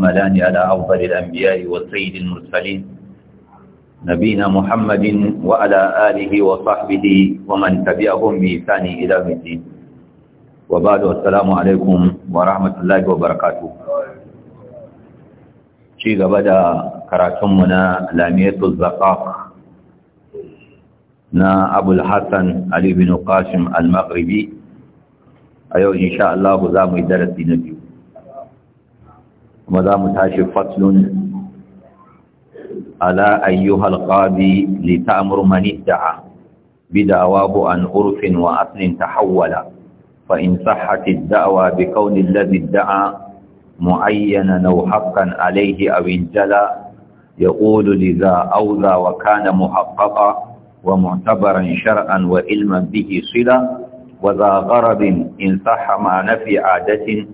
ملان على أفضل الأنبياء والسيد المرسلين نبينا محمد وعلى آله وصحبه ومن تبعهم بإحسان إلى الدين وبعد السلام عليكم ورحمة الله وبركاته شيء بدا كراتمنا لامية الزقاق نا أبو الحسن علي بن قاسم المغربي أيوه إن شاء الله زامي درسي نبيه مدام متاشف فصل ألا أيها القاضي لتأمر من ادعى بدعواه عن عرف وأصل تحول فإن صحت الدعوى بكون الذي ادعى معينا أو حقا عليه أو انجلى يقول لذا أوذى وكان محققا ومعتبرا شرعا وعلما به صلة وذا غرض إن صح مع نفي عادة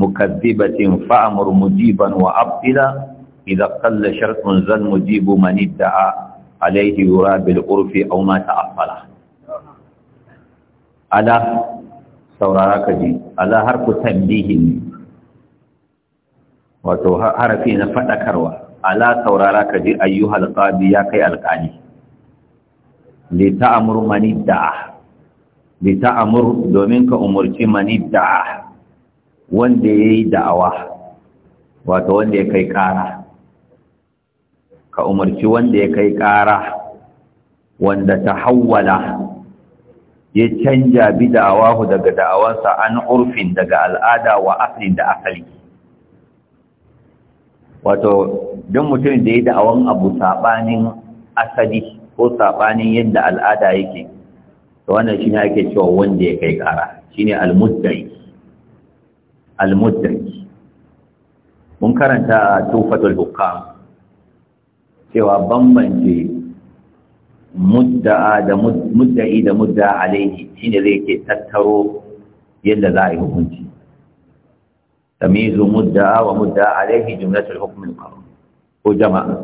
mukazzibatin fa'amur mujiban wa abdila idza qalla shartun zal mujibu man idda'a alayhi yura bil urfi aw ma ta'affala ala saurara ka ji ala ku tambihi wato harafi na fadakarwa ala saurara ka ji ayyuhal qadi ya kai alqani li ta'mur man idda'a li ta'mur domin ka umurci man idda'a wanda ya yi da'awa wato wanda ya kai ƙara ka umarci wanda ya kai ƙara wanda ta hawwala ya canja bi da'awa daga da'awansa an urfin daga al'ada wa asalin da asali wato don mutum da ya da'awan abu saɓanin asali ko saɓanin yadda al'ada yake wannan shi ne ake cewa wanda ya kai ƙara shi ne almuddai al-mudrik mun karanta tufatul hukam cewa bambance mudda'a da mudda'i da mudda'a alaihi shine zai ke tattaro yadda za a yi hukunci tamizu mudda'a wa mudda'a alaihi jumlatul hukm al qawm ko jama'a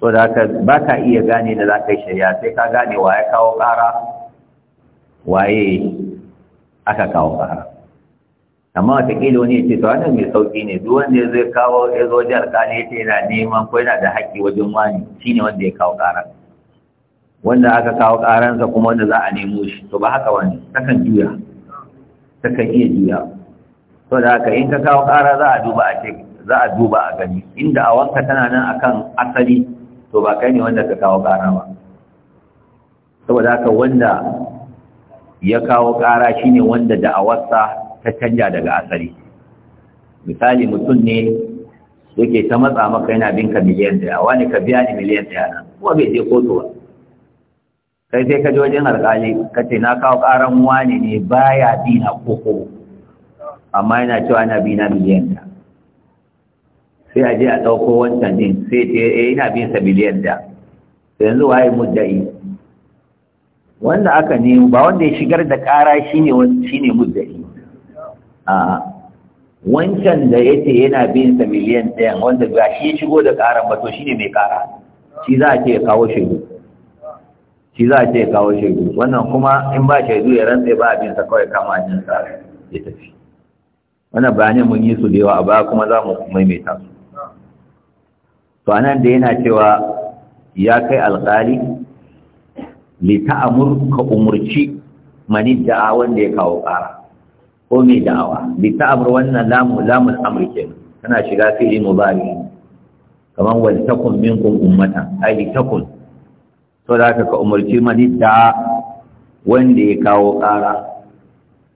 to da ka ba ka iya gane da za ka yi shari'a sai ka gane wa ya kawo ƙara waye aka kawo ƙara amma watakila wani ya ce to wannan mai sauƙi ne duk wanda zai kawo ya zo wajen alƙali ya ce yana neman ko yana da haƙƙi wajen wani shi ne wanda ya kawo ƙaran wanda aka kawo ƙaransa kuma wanda za a nemo shi to ba haka wani takan juya takan iya juya to da haka in ka kawo ƙara za a duba a ce za a duba a gani inda a wanka tana nan akan asali to ba kai ne wanda ka kawo ƙara ba saboda haka wanda ya kawo ƙara shine wanda da'awarsa ta canja daga asali misali mutum ne yake ta matsa maka yana bin ka miliyan daya wani ka biya ni miliyan daya nan kuma bai je kotu ba kai sai ka je wajen alkali ka ce na kawo karan wani ne baya bi na koko amma yana cewa yana bi na miliyan daya sai a je a ɗauko wancan din sai ce eh ina bin sa miliyan daya yanzu waye muddai wanda aka nemo ba wanda ya shigar da kara shine shine muddai a wancan da ya ce yana bin sa miliyan ɗaya, wanda ba shi ya shigo da ƙaran ba to ne mai ƙara shi za a ce ya kawo shaidu shi za a ce ya kawo shaidu wannan kuma in ba shaidu ya rantse ba abin sa kawai kama ajin sa ya tafi wannan bayanin mun yi su da yawa a baya kuma za mu maimaita su to anan da yana cewa ya kai alƙali li ta'amur ka umurci mani da'a wanda ya kawo ƙara ko mai da'awa bi abu wannan lamu lamun amri kenan tana shiga fi'il mubari kamar wani takun minkum ummata. ai bi takun to da ka umarci mani da wanda ya kawo ƙara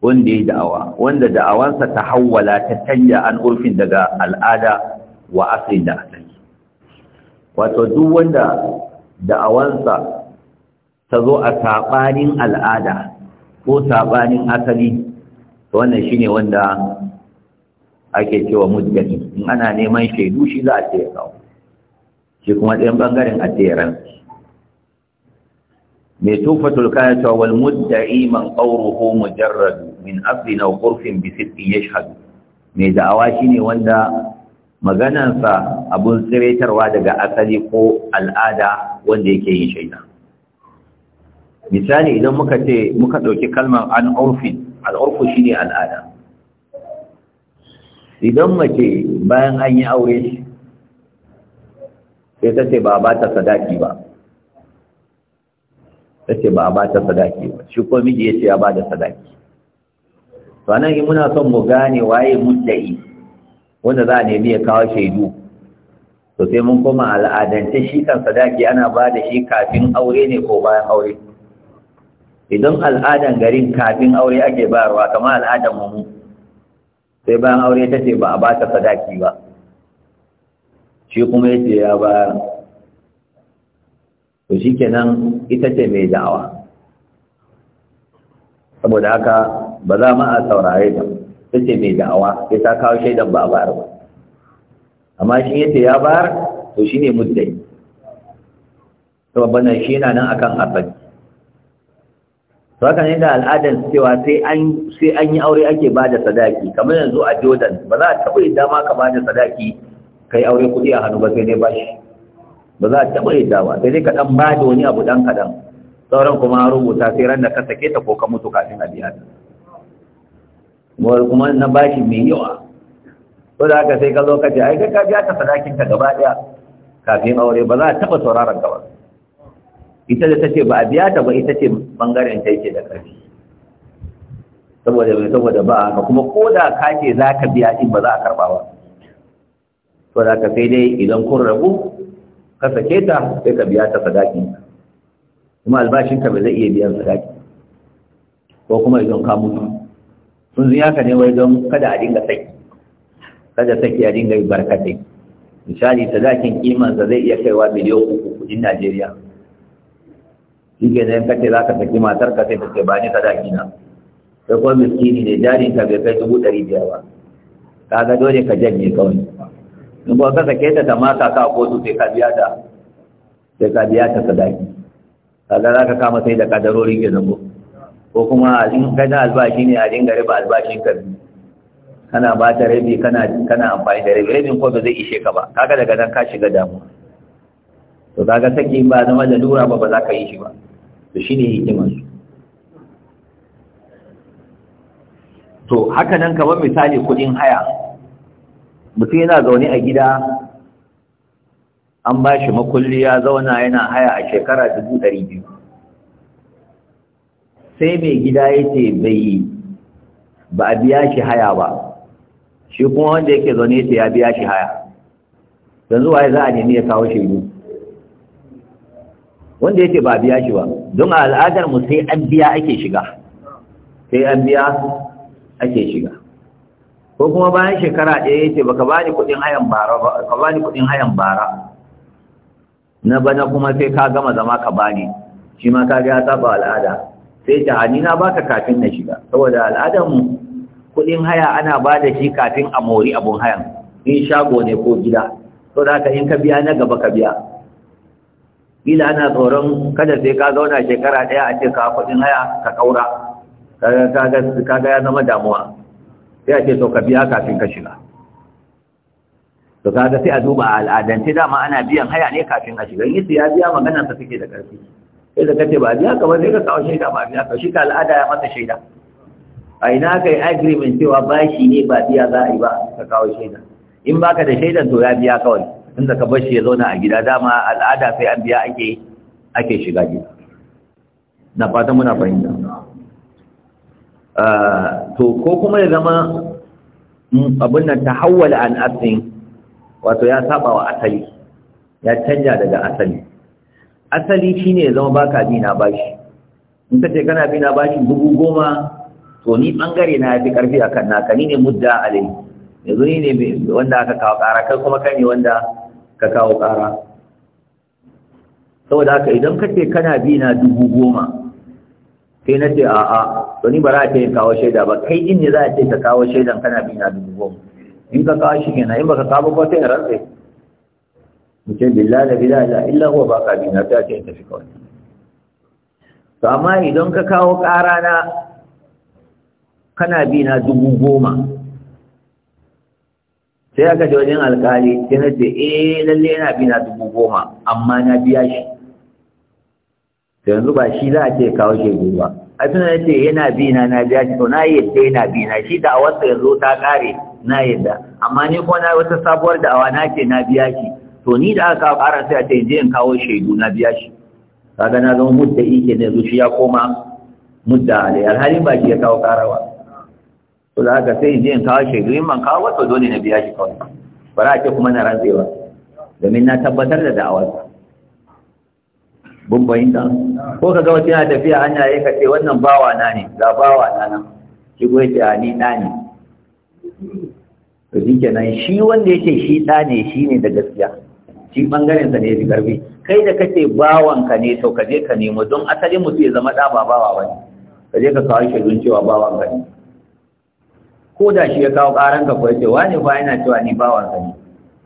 wanda ya da'awa wanda da'awansa ta hawwala ta canja an urfin daga al'ada wa asali da asali wato duk wanda da'awansa ta zo a saɓanin al'ada ko saɓanin asali to wannan shine wanda ake cewa mujjani in ana neman shaidu shi za a ce ya kawo shi kuma ɗayan ɓangaren a ce ya rantsi mai tufa kaya cewa wal mudda'i man ko mujarradu min asli na qurfin bi ya shahadu mai da'awa shine wanda maganansa abun tsiraitarwa daga asali ko al'ada wanda yake yin shaida misali idan muka ce muka ɗauki kalmar an ƙurfin al'urku shi ne al'ada idan mace bayan an yi aure shi sai ta ce ba ba ta sadaki ba ta ce ba ba ta sadaki ba shi ko miji ya ce ya ba da sadaki sannan in muna son mu gane waye mudda'i wanda za a nemi ya kawo shaidu to sai mun koma al'adance shi kan sadaki ana ba da shi kafin aure ne ko bayan aure idan al'adan garin kafin aure ake bayarwa kamar al'adan mu sai bayan aure ta ce ba a ba ta sadaki ba shi kuma ya ce ya ba to shi kenan ita ce mai da'awa saboda haka ba za ma a saurare ta ta ce mai da'awa sai ta kawo shaidan ba a bayar ba amma shi ya ce ya bayar to shi ne muddai to babbanan shi yana nan akan asali to haka ne da al'adar cewa sai an sai an yi aure ake ba da sadaki kamar yanzu a Jordan ba za a taba yi dama ka ba da sadaki kai aure kuɗi a hannu ba sai dai bashi ba za a taba yi dama sai dai ka dan ba da wani abu dan kaɗan sauran kuma rubuta sai ran da ka sake ta ko ka mutu kafin a biya ta kuma na bashi mai yawa ko da haka sai ka zo ka ce ai ka biya ta sadakin ka gaba ɗaya kafin aure ba za a taɓa sauraron ka ba ita da ce ba a biya ta ba ita ce bangaren ta yake da ƙarfi saboda mai saboda ba ka kuma ko da ka ce za ka biya in ba za a karɓa ba to da ka sai dai idan kun rabu ka sake ta sai ka biya ta sadaki kuma ka ba zai iya biyan sadaki ko kuma idan ka mutu sun zuya ka ne wai don kada a dinga saki kada saki a dinga yi barkatai misali sadakin kimansa zai iya kaiwa miliyan uku kudin najeriya shi ke nan ce za ka saki matar ka sai ta ce ba ni daki na sai kuma miskini ne jari ta bai kai dubu ɗari biyar ba Ka ga dole ka janye kawai in ba ka sake ta ta maka ka kotu sai ka biya ta sai ka biya ta ka ga za ka kama sai da kadarori ke zango ko kuma in na albashi ne a dinga riba albashin ka kana ba ta rabi kana kana amfani da rabi rabin ko ba zai ishe ka ba kaga daga nan ka shiga damuwa to kaga saki ba zama da lura ba ba za ka yi shi ba to ne su to haka nan kamar misali kudin haya mutum yana zaune a gida an ba shi makulli ya zauna yana haya a shekara dubu ɗari biyu. sai mai gida ya ce bai ba a biya shi haya ba shi kuma wanda yake zaune ya ce ya biya shi haya yanzu waye za a nemi ya kawo shi shaidu wanda yake ba biya shi ba don a al'adar mu sai an biya ake shiga sai an biya ake shiga ko kuma bayan shekara ɗaya yace baka bani kuɗin hayan bara ba ka bani kuɗin hayan bara na bana kuma sai ka gama zama ka bani shi ma ka ga ta ba al'ada sai ta hani na baka kafin na shiga saboda al'adar mu kuɗin haya ana ba da shi kafin a mori abun hayan in shago ne ko gida saboda haka in ka biya na gaba ka biya kila ana tsoron kada sai ka zauna shekara ɗaya a ce ka kuɗin haya ka ƙaura kaga ya zama damuwa sai a ce to ka biya kafin ka shiga to kaga sai a duba al'adance dama ana biyan haya ne kafin a shiga in ya biya maganar ta suke da ƙarfi sai da kace ba biya ka ba sai ka kawo shaida ba biya ka shi ka al'ada ya masa shaida a ina ka yi agreement cewa bashi ne ba biya za a yi ba ka kawo shaida in baka da shaidan to ya biya kawai inda ka bar shi ya zauna a gida dama al'ada sai an biya ake ake shiga gida na fata muna fahimta ah, to ko kuma ya zama mm, abin nan ta hawwala an asin wato ya saba wa asali ya canja daga asali asali shine ya zama baka bi na bashi in ka ce kana bi na bashi dubu goma to ni bangare na yafi karfi akan naka ni ne mudda alai yanzu ni ne wanda aka kawo kara kai kuma kai ne wanda ka kawo ƙara saboda haka idan ka ce kana bi na dubu goma sai na ce a'a to ni ba za a ce kawo shaida ba kai in ne za a ce ka kawo shaidan kana bi na dubu goma in ka kawo shi na, in ba ka kawo ba sai in Mu ce billahi la ilaha illa huwa ba ka bi na sai a ce in tafi kawai to amma idan ka kawo ƙara na kana bi na dubu goma sai aka ji wajen alkali sai na ce eh lalle yana bi na dubu goma amma na biya shi yanzu ba shi za a ce kawo shegu ba a tuna ya ce yana bi na na biya shi to na yadda yana bi na shi da'awarsa yanzu ta kare na yadda amma ni ko na wata sabuwar da'awa na ce na biya shi to ni da aka kara sai a ce je in kawo shaidu na biya shi kaga na zama mudda ike ne zuciya koma mudda alai alhalin ba shi ya kawo ba to da haka sai je kawo shaidu in man kawo wato dole na biya shi kawai ba za a ce kuma na rantsewa domin na tabbatar da da'awar bumbayin ta ko ka ga wata yana tafiya hanya ya kace wannan bawa na ne ga bawa na nan shi goyi yace ni da ne to shi kenan shi wanda yake shi da ne shi ne da gaskiya shi bangaren sa ne ya fi karfi kai da kace bawan ka ne to ka je ka nemo don asalin mutum ya zama da ba bawa bane ka je ka kawo don cewa bawan ka ne ko da shi ya kawo ƙaranka ka ya ce wani fa yana cewa ni bawan ka ne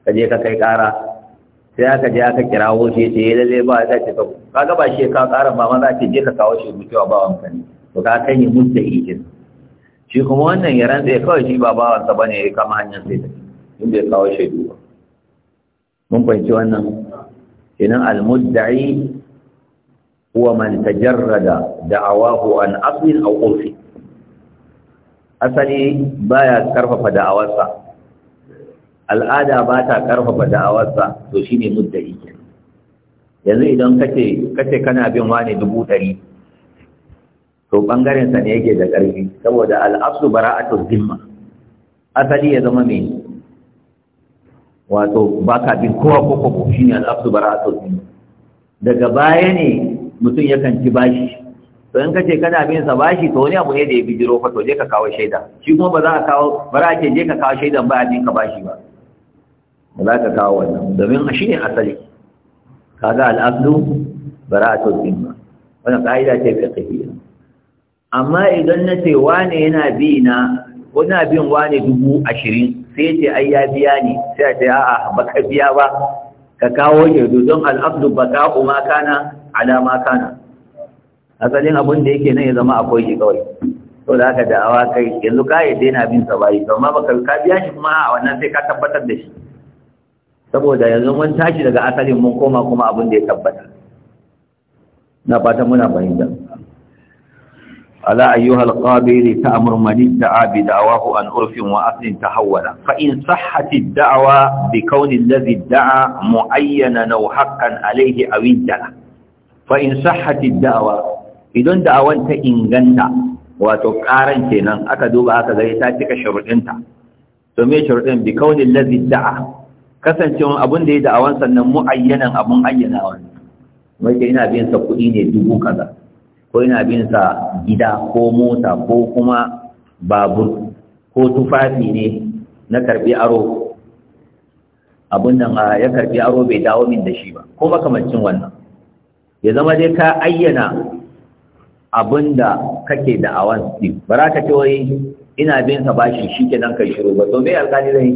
ka je ka kai ƙara sai aka je aka wo shi sai ce ya eh, lalle ba za ce ka ga ba shi ya kawo ƙaran ba ma za ce je ka kawo shi mutuwa bawan ka ne to ka kai ni mutta ikin shi kuma wannan ya rantsa ya kawai shi ba bawan ba bane ya kama hanyar sai ta Mun bai kawo shi ba mun fahimci wannan kenan al-mudda'i huwa man tajarrada da'awahu an aslin aw urfin asali baya karfafa da'awarsa al'ada ba ta karfafa da'awarsa to shine mudda'i yanzu idan kace kace kana bin wani dubu ɗari to bangaren sa ne yake da ƙarfi saboda al'aslu bara'atul zimma asali ya zama mai wato baka bin kowa ko kobo shine al'aslu bara'atul zimma daga baya ne mutum yakan ci bashi to in kace kana bin sa bashi to wani abu ne da ya bijiro fa to je ka kawo shaida shi kuma ba za a kawo ba za a ce je ka kawo shaidan ba a bin ka bashi ba ba za ka kawo wannan domin shi ne asali Ka ga a to bin ba. wannan ka'ida ce fiqhiyya amma idan na ce wane yana bi na na bin wane dubu ashirin sai ce ai ya biya ne, sai ce a'a ba ka biya ba ka kawo shaidu don al'adu ba ka kuma kana alama kana asalin abun da yake nan ya zama akwai shi kawai to da aka da awa kai yanzu ka yi daina bin sa to ma baka ka biya shi kuma a wannan sai ka tabbatar da shi saboda yanzu mun tashi daga asalin mun koma kuma abin da ya tabbata na fata muna fahimta ala ayyuha qabiri ta'mur man da'a bi da'wahu an urfin wa aslin tahawwala fa in sahhati da'wa bi kawni alladhi da'a mu'ayyana aw haqqan alayhi aw fa in sahhati da'wa idan da'awan ta inganta wato karan kenan aka duba aka gari ta cika shuruɗinta to me shuruɗin bi kaunin lazi da'a abin da ya da'awar sannan mu'ayyanan abun ayyana wani ke ina biyan sa kuɗi ne dubu kaza ko ina biyan sa gida ko mota ko kuma babur ko tufafi ne na karɓi aro abin nan ya karɓi aro bai dawo min da shi ba ko makamancin wannan ya zama dai ka ayyana abinda kake da wani su ba za ka ce wai ina bin sa bashi shi ke nan kai shiru ba to me alƙali zai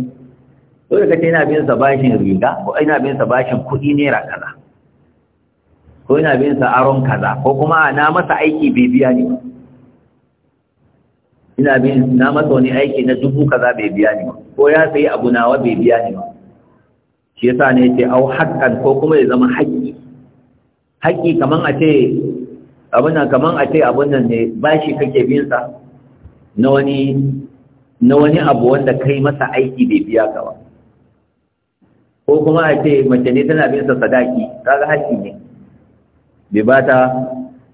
to da kace ina bin sa bashin riga ko ina bin sa bashin kuɗi naira kaza ko ina bin sa aron kaza ko kuma na masa aiki bai biya ni ba ina bin na masa wani aiki na dubu kaza bai biya ni ba ko ya sayi abu nawa bai biya ni ba shi yasa ne ce au haƙƙan ko kuma ya zama haƙƙi haƙƙi kaman a ce abin nan kaman a ce abin nan ne bashi kake bin sa na wani na wani abu wanda kai masa aiki bai biya ka ba ko kuma a ce mace ne tana bin sa sadaki kaga haƙƙi ne bai ba ta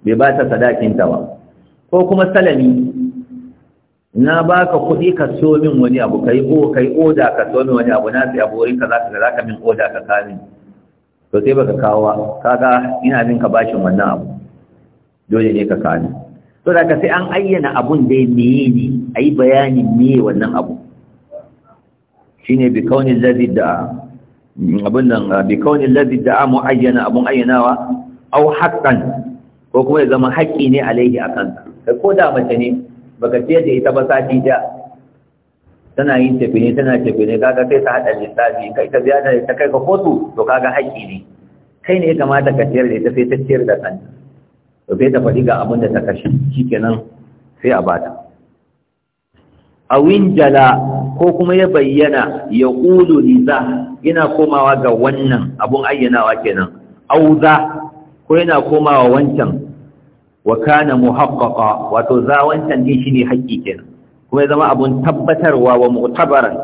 bai ba ta sadakin ta ba ko kuma salami na baka kuɗi ka so min wani abu kai yi kai oda ka so min wani abu na sai abu wurin ka zaka ga zaka min oda ka kamin to sai baka kawo kaga ina bin ka bashin wannan abu dole ne ka kano to da ka sai an ayyana abun dai meye ne a yi bayanin meye wannan abu shi ne bi kaunin lazi da abun nan bi kaunin lazi da amu ayyana abun ayyanawa au haƙƙan ko kuma ya zama haƙƙi ne alaihi a kansa ko da mace ne baka ce da ita ba sati ɗaya tana yin tafi ne tana tafi ne kaga sai ta hada lissafi kai ta biya ta kai ka kotu to kaga haƙƙi ne kai ne ya kamata ka ciyar da ita sai ta ciyar da kanta Rufe ta faɗi ga abin da ta kashe shikenan sai a bata awin jala ko kuma ya bayyana ya ƙulu liza yana komawa ga wannan abun ayyanawa kenan auza ko yana komawa wancan wa kana muhaqqaqa wato za wancan din ne haƙƙi kenan kuma ya zama abun tabbatarwa wa mu'tabaran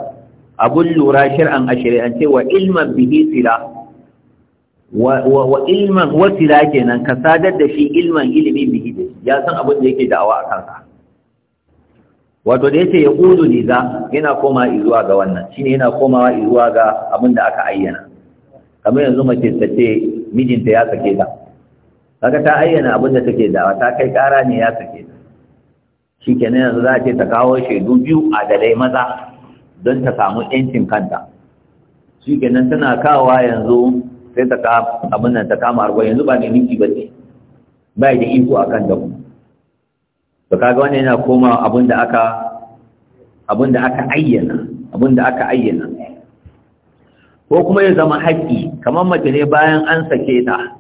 abun lura shar'an a shari'ance wa ilman bihi sila wa ilman wasila kenan ka sadar da shi ilman ilimin bihi ya san abin da yake da'awa a kansa wato da yace ya kudu niza yana koma izuwa ga wannan shine yana komawa izuwa ga abin da aka ayyana kamar yanzu mace ta ce mijinta ya sake ta kaga ta ayyana abin da take da'awa ta kai kara ne ya sake ta shikenan yanzu za ce ta kawo shaidu biyu a dalai maza don ta samu yancin kanta shikenan tana kawowa yanzu sai ta abin nan ta kama arba yanzu ba mai miki ba ce ba da iko a kan damu ba kaga wani yana koma abin da aka abin da aka ayyana abin da aka ayyana ko kuma ya zama haƙƙi kamar mace ne bayan an sake ta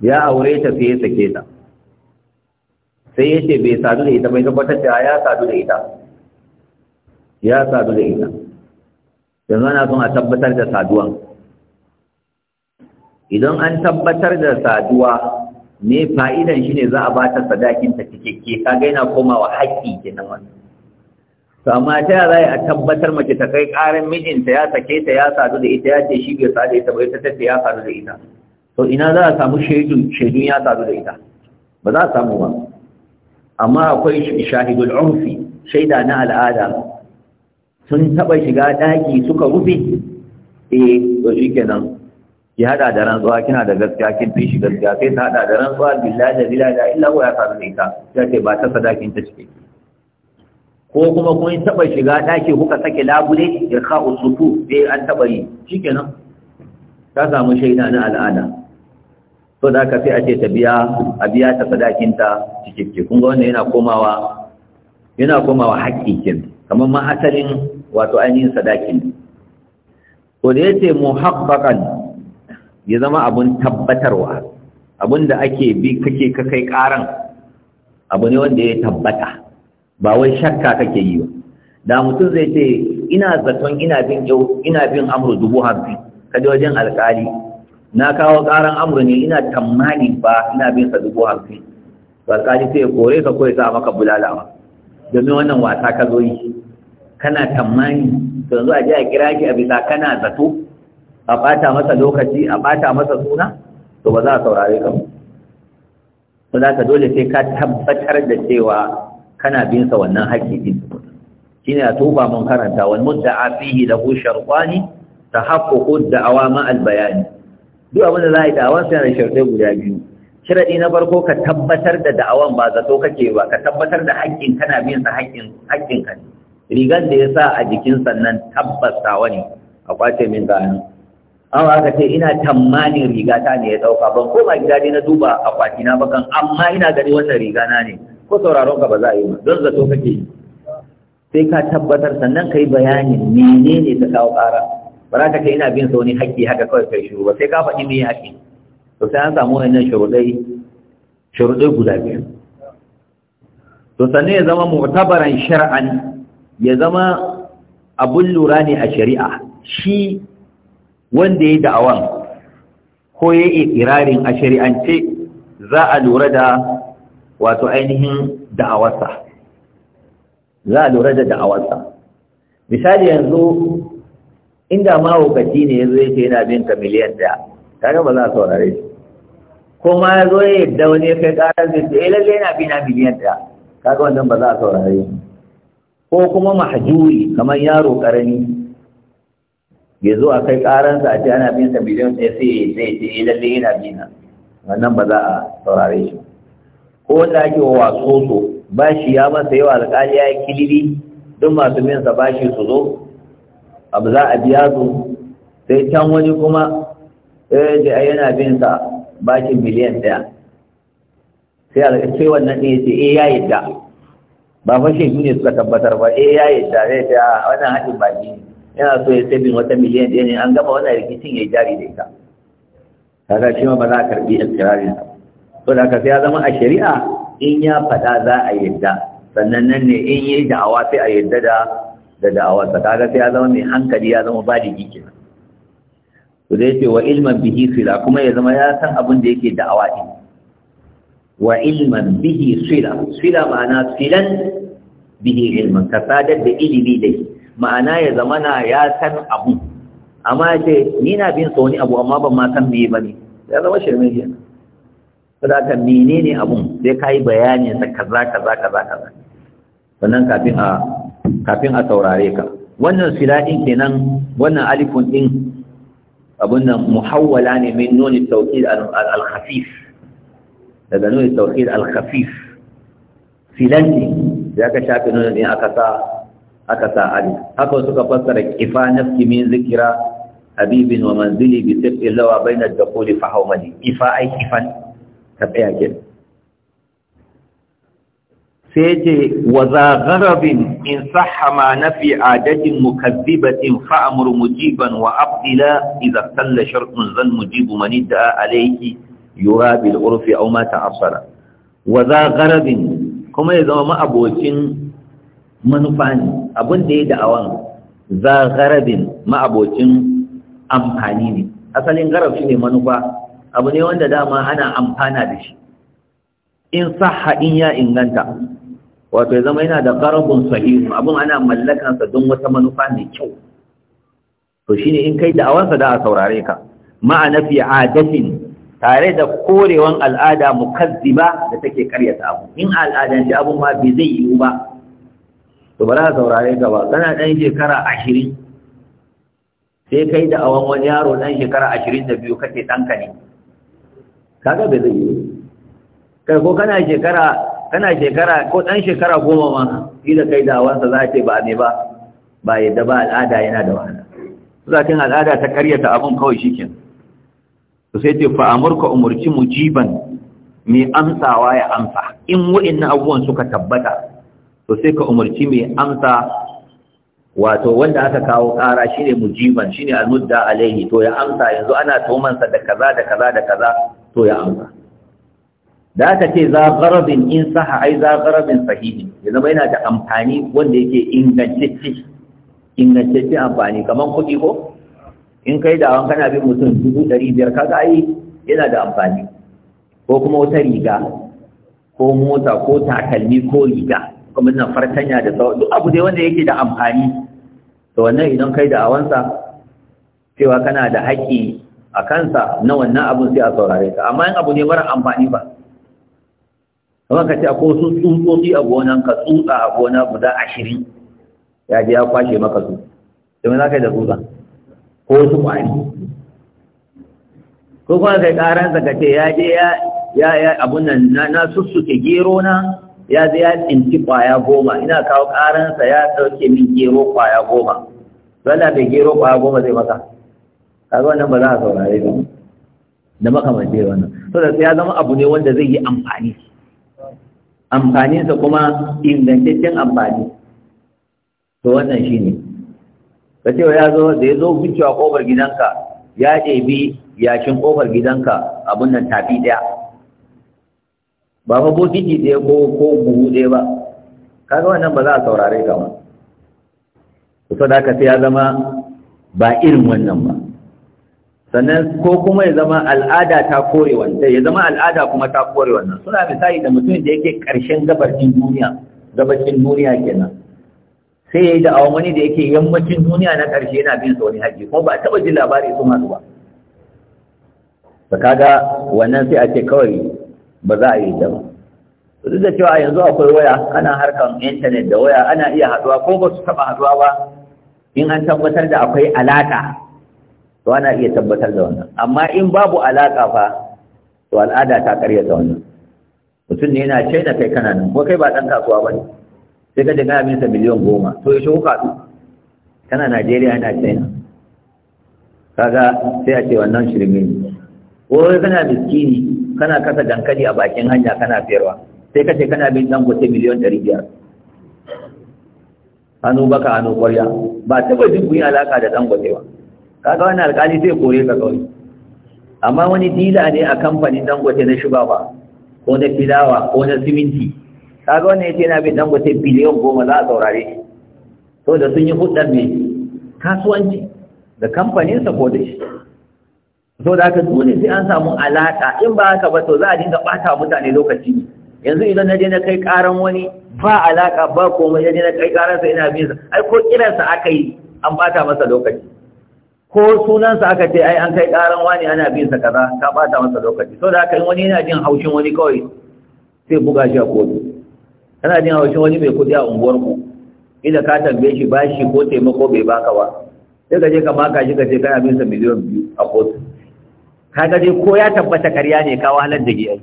ya aure ta sai ya sake ta sai ya ce bai sadu da ita bai tabbatar da ya sadu da ita ya sadu da ita yanzu ana son a tabbatar da saduwan idan an tabbatar da saduwa ne fa'idan shi ne za a ba ta sadakin ta cikakke kaga yana komawa haƙƙi kenan wani to amma ta yaya za a tabbatar mace ta kai ƙarin mijinta ya sake ta ya sadu da ita ya ce shi bai sadu da ita bai ta tafi ya sadu da ita to ina za a samu shaidun ya sadu da ita ba za a samu ba amma akwai shahidul umfi shaida na al'ada sun taɓa shiga ɗaki suka rufe eh to shi kenan ki hada da rantsuwa kina da gaskiya kin fi shi gaskiya sai ta hada da rantsuwa billahi da billahi da illa ya faru da ita ya ce ba ta sadakin ta cike ko kuma kun taba shiga daki kuka sake labule irka usufu sai eh, an taba yi shikenan ta samu shaida na al'ada to da ka sai a ce ta biya a biya ta sadakin ta cike kun ga wannan yana komawa yana komawa haƙƙin kamar ma asalin wato ainihin sadakin ko da yace muhaqqaqan ya zama abun tabbatarwa abun da ake bi kake kakai kai karan abu ne wanda ya tabbata ba wai shakka kake yi ba da mutum zai ce ina zaton ina bin ina bin amru dubu hamsin kaje wajen alkali na kawo karan amru ne ina tamani ba ina bin sa dubu hamsin alkali sai ya kore ka koyi sa maka bulalawa domin wannan wasa ka zo yi kana tamani to yanzu a je a kira ki a bisa kana zato a ɓata masa lokaci a ɓata masa suna to ba za a saurare ka ba za ka dole sai ka tabbatar da cewa kana bin wannan haƙƙi din ne a tuba mun karanta wani mudda a fihi haƙƙo ko da da'awa ma albayani duk abin da za a yi da'awan sai da sharɗai guda biyu sharaɗi na farko ka tabbatar da da'awan ba zato kake ba ka tabbatar da haƙƙin kana bin sa haƙƙin haƙƙin ka rigan da ya sa a jikin sannan tabbas tawa ne a kwace min gani an aka ce ina tammanin rigata ne ya dauka ban koma gida ne na duba akwati na bakan amma ina gani wannan riga na ne ko sauraron ka ba za a yi ba don zato kake yi sai ka tabbatar sannan ka yi bayanin menene ta kawo ƙara ba za ka ce ina bin sa wani haƙƙi haka kawai kai shiru ba sai ka faɗi me haƙƙi to sai an samu wannan shuruɗai shuruɗai guda biyu to sannan ya zama mu'tabaran shar'an ya zama abun lura ne a shari'a shi wanda ya da'awan ko ya yi ikirarin a shari'ance za a lura da wato ainihin da'awarsa za a lura da da'awarsa misali yanzu inda ma mahaukaci ne yanzu yake yana bin ka miliyan daya kaga ba za a saurare shi ko ma ya zo ya yadda wani ya kai karar zai ce eh, lalle yana bi na miliyan daya kaga wannan ba za a saurare shi ko kuma mahajuri kamar yaro karami ya zo a kai karansa a ce ana bin sa miliyan ɗaya sai zai ce ya lalle yana bin nan wannan ba za a saurare shi ko wanda ake wa wasu so ba shi ya masa yawa alƙali ya yi kilili duk masu bin sa ba shi su zo abu za a biya su sai can wani kuma sai eh, yana bin sa shi miliyan ɗaya sai alƙalai wannan ɗin ya ce eh ya yadda ba fashe shi ne suka tabbatar ba eh ya yadda zai ta ah, wannan haɗin baki ne yana so ya bin wata miliyan ɗaya ne an gama wannan rikicin ya yi jari da ita kaga shi ma ba za a karɓi ikirarin sa to da ka ya zama a shari'a in ya faɗa za a yadda sannan nan ne in yi da'awa sai a yadda da da da'awarsa kaga sai ya zama mai hankali ya zama ba jiki kenan to da yake wa ilman bihi sila kuma ya zama ya san abin da yake da'awa din wa ilman bihi sila sila ma'ana filan bihi ilman ka sadar da ilimi da shi ma'ana ya zamana ya san abu amma ya ce ni na bin tsoni abu amma ban ma san ba ne. ya zama shirme ke saboda ne abun sai yi bayanin sa kaza kaza kaza kaza sannan kafin a kafin a saurare ka wannan siladin kenan wannan alifun din abun nan muhawwala ne min nuni tawkid al-khafif daga nuni tawkid al-khafif filanti da aka shafe nuni din aka sa aka sa ali haka suka fassara kifa nafsi min zikira habibin wa manzili bi sirri lawa bainar da koli fa haumali ifa ai kifan ka tsaya ke sai ce wa za in sahha ma nafi adatin mukazzibatin fa amru mujiban wa abdila idza salla shartun zal mujibu man idda alayhi yura urfi aw ma ta'assara wa kuma ya zama ma'abocin manufa ne abin da ya da'awan za garabin ma'abocin amfani ne asalin garab shi ne manufa abu ne wanda dama ana amfana da shi in saha in ya inganta wato ya zama yana da garabin sahihu abin ana mallakansa don wata manufa mai kyau to shine in kai da'awansa da a saurare ka ma'ana fi adatin tare da korewan al'ada mukazziba da take karyata abu in al'adanci abun ma bai zai yiwu ba to ba za ka saurare ka ba kana ɗan shekara ashirin sai kai da awon wani yaro ɗan shekara ashirin da biyu kake ɗanka ne kaga bai zai yi kai ko kana shekara kana shekara ko ɗan shekara goma ma da kai da awansa za ce ba ne ba ba yadda ba al'ada yana da wahala zakin al'ada ta karyata abin kawai shikin to sai ce fa amurka umurci mujiban mai amsawa ya amsa in na abubuwan suka tabbata to sai ka umarci mai amsa wato wanda aka kawo ƙara shine mujiban shine almudda alaihi to ya amsa yanzu ana tomansa da kaza da kaza da kaza to ya amsa da aka ce za garabin in saha ai za garabin sahihi ya zama yana da amfani wanda yake ingantacce ingantacce amfani kamar kuɗi ko in kai da wanka kana bin mutum dubu ɗari biyar kaza ai yana da amfani ko kuma wata riga ko mota ko takalmi ko riga kuma na fartanya da sauran duk abu dai wanda yake da amfani to wannan idan kai da awansa cewa kana da haƙƙi a kansa na wannan abun sai a saurare ka amma yin abu ne mara amfani ba Kuma ka ce akwai wasu tsutsotsi a gonan ka tsutsa a gona guda ashirin ya je ya kwashe maka su domin za ka yi da tsutsa ko wasu ƙwari ko kuma kai ƙaransa ka ce ya je ya abun nan na sussuke gero na ya zai ya tsinci kwaya goma ina kawo karansa ya ɗauke min gero kwaya goma wanda mai gero kwaya goma zai maka kaga wannan ba za a saurare ba da makamance wannan so da ya zama abu ne wanda zai yi amfani amfaninsa kuma ingantaccen amfani to wannan shine ka ce ya zo da ya zo wucewa kofar gidanka ya ɗebi yashin kofar gidanka abun nan tafi ɗaya ba fa bokiti ɗaya ko ko buhu ɗaya ba kaga wannan ba za a saurare ka ba kusa da sai ya zama ba irin wannan ba sannan ko kuma ya zama al'ada ta kore wannan ya zama al'ada kuma ta kore wannan suna misali da mutum da yake ƙarshen gabashin duniya gabashin duniya kenan sai ya yi da'awa wani da yake yammacin duniya na ƙarshe yana bin sa wani haji kuma ba ta taɓa jin labari sun haɗu ba ka kaga wannan sai a ce kawai ba za a yi ta ba duk da cewa yanzu akwai waya ana harkar intanet da waya ana iya haduwa ko ba su taba haduwa ba in an tabbatar da akwai alaka to ana iya tabbatar da wannan amma in babu alaka fa to al'ada ta karya ta wannan mutum ne yana na kai kana nan ko kai ba ɗan kasuwa ba ne. sai ka da gaya minsa miliyan goma to ya shigo kaɗu. kana Najeriya yana China kaga sai a ce wannan shirme ne ko kana miskini kana kasa dankali a bakin hanya kana sayarwa sai kace kana bin dan gote miliyan 500 hannu baka hannu kwarya ba taba duk kun alaka da dan gote ba kaga wannan alkali sai kore ka kawai amma wani dila ne a kamfanin dangote na shugaba, ko na filawa ko na siminti kaga wannan yace na bin dangote biliyan goma za a saurare shi to da sun yi hudar ne kasuwanci da kamfaninsa ko da shi so da aka dole sai an samu alaka in ba haka ba to za a dinga bata mutane lokaci yanzu idan na je na kai karan wani ba alaka ba komai na je na kai karan sa ina bin sa ai ko kiran sa aka yi an bata masa lokaci ko sunan sa aka ce ai an kai karan wani ana bin sa kaza ka bata masa lokaci so da haka in wani yana jin haushin wani kawai sai buga shi a kotu kana jin haushin wani mai kudi a unguwar ku ila ka tambaye shi bashi ko taimako bai baka ba sai ka je ka maka shi ka ce kana bin sa miliyan biyu a kotu kaga dai ko ya tabbata ƙarya ne ka wahalar da giyar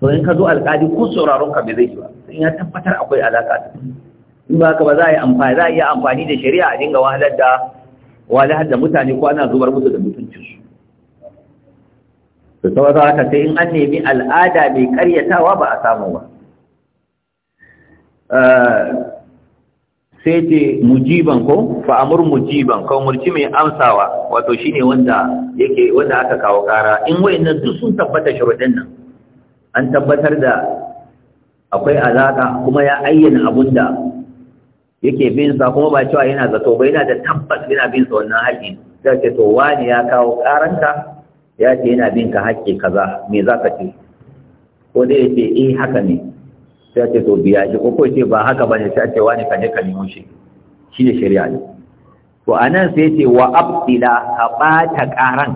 to in ka zo alƙali ko sauraron ka bai zai ba in ya tabbatar akwai alaƙa in ba ka ba za a yi amfani za a iya amfani da shari'a a dinga wahalar da wahalar da mutane ko ana zubar musu da mutuncin su. to sauran haka sai in an nemi al'ada mai ƙaryatawa ba a samu ba eh, sai ce mujiban ko fa amur mujiban ko murci mai amsawa wato shine wanda yake wanda aka kawo kara in wayannan duk sun tabbata shuruɗin nan an tabbatar da akwai alaka kuma ya ayyana abun da yake binsa kuma ba cewa yana zato ba yana da tabbas yana binsa wannan haƙƙi sai ce to wani ya kawo karanta ya ce yana bin ka haƙƙi kaza me zaka ce ko dai ya ce eh haka ne sai ake to biya shi ko ko ce ba haka bane sai ce wani ka je ka nemo shi shi ne shari'a ne to anan sai ce wa abdila ka bata karan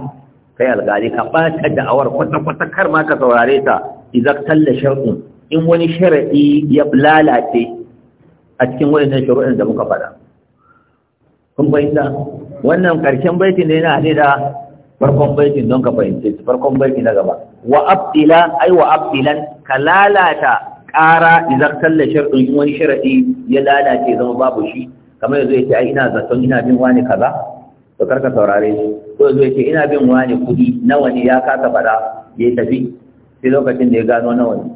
kai alƙali ka bata da'awar kwata kwata kar ma ka saurare ta idan talla shar'un in wani shar'i ya lalace a cikin wannan shari'in da muka faɗa kun bayyana wannan karshen baitin ne yana da farkon baitin don ka fahimce farkon baiti na gaba wa abdila ai wa abdilan ka lalata ƙara idan kalla sharɗin in wani sharaɗi ya lalace zama babu shi kamar yanzu ya ce ai ina zaton ina bin wani kaza to karka saurare shi ko yanzu ya ce ina bin wani kuɗi nawa ne ya kasa fara ya tafi sai lokacin da ya gano nawa ne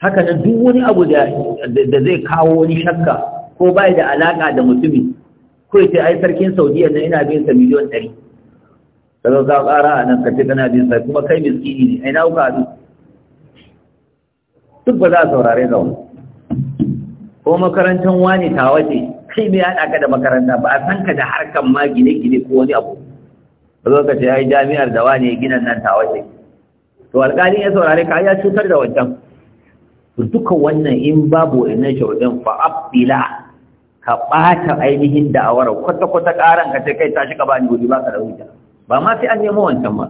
haka nan duk wani abu da zai kawo wani shakka ko bai da alaƙa da mutumin ko ya ce ai sarkin saudiya na ina bin sa miliyon ɗari kaga ka ƙara a nan ka ce kana bin sa kuma kai miskini ne ai na uka duk ba za a saurare ga ko makarantar wani ta wace kai mai haɗa ka da makaranta ba a san ka da harkar ma gine-gine ko wani abu ka ce ya yi jami'ar da wani ya gina nan ta wace to alƙalin ya saurare ka ya cutar da wancan to duka wannan in babu wa'annan sharuɗin fa'abila ka ɓata ainihin da'awar kwata-kwata ƙaran ka sai kai shi ka bani wuri ba ka da wuta ba ma sai an nemo wancan ba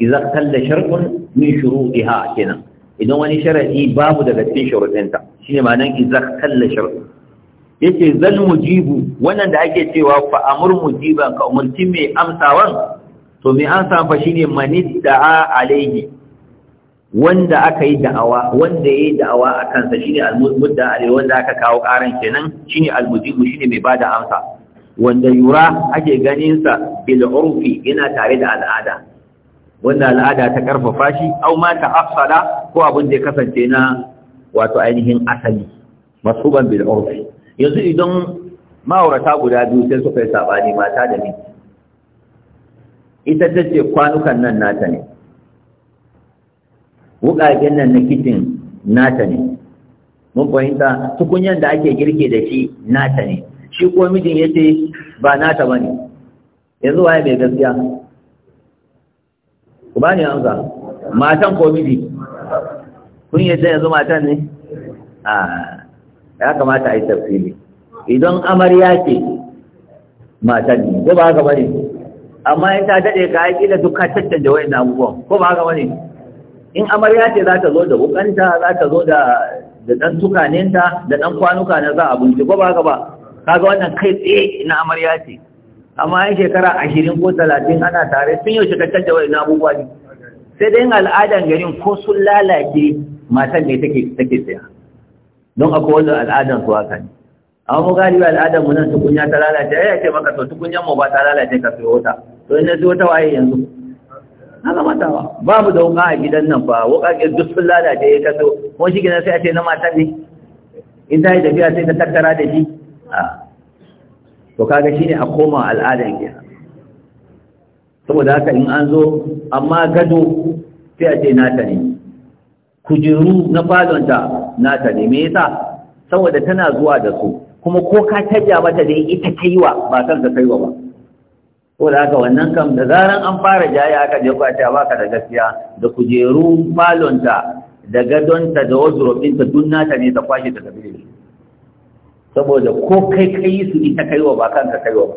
idan kalla sharɗin min shuruɗiha kenan idan wani sharaɗi babu daga cikin sharuɗinta shine ma'anar izar kalla sharuɗin yace zal mujibu wannan da ake cewa fa amur mujiban ka umurci mai amsawan to mai amsa fa shine manidda'a alaihi wanda aka yi da'awa wanda yayi da'awa a kansa shine almudda alaihi wanda aka kawo karan kenan shine almujibu shine mai ba da amsa wanda yura ake ganinsa sa bil urfi yana tare da al'ada wanda al'ada ta karfafa shi au ma ta afsala ko abin da ya kasance na wato ainihin asali masuban bil urfi yanzu idan ma'aurata guda biyu sai suka yi sabani mata da miji ita ta ce kwanukan nan nata ne wuƙaƙen nan na kitin nata ne mun fahimta tukunyan da ake girke da shi nata ne shi ko mijin ya ce ba nata ba ne yanzu waye mai gaskiya ku bani amsa matan ko miji kun yadda yanzu matan ne a ya kamata a yi tafsiri idan amarya ce matan ne ko ba haka bane amma in ta dade ka yi kila duk ka caccanje wayan abubuwan ko ba haka bane in amarya ce za ta zo da wukanta za ta zo da da dan tukanenta da dan kwanuka na za a bunci ko ba haka ba kaga wannan kai tsaye na amarya ce amma yan shekara ashirin ko talatin ana tare sun yau shekar da wani abubuwa ne sai dai al'adan garin ko sun lalace matan ne take tsaya don akwai wannan al'adan su haka ne amma mu gari al'adan mu nan tukunya ta lalace ya ce maka to tukunyan mu ba ta lalace ka sayo wata to in na sayo ta waye yanzu haka matawa babu da wuka a gidan nan fa wuka ke duk sun lalace ya kaso ko shi gina sai a ce na matan ne in ta yi tafiya sai ta tattara da shi a ah. to kaga shine a koma al'adan ke saboda haka in an zo amma gado sai a ce nata ne kujeru na falonta ta ne me yasa saboda tana zuwa da su kuma ko ka tajja mata dai ita ta yi wa, ba kan ta kaiwa ba ko da haka wannan kam da zaran an fara jaya aka je a ce baka da gaskiya da kujeru falonta da gadonta da wardrobe ɗinta duk nata ne ta kwashe ta da saboda ko kai kai su ita kaiwa ba kanka kaiwa ba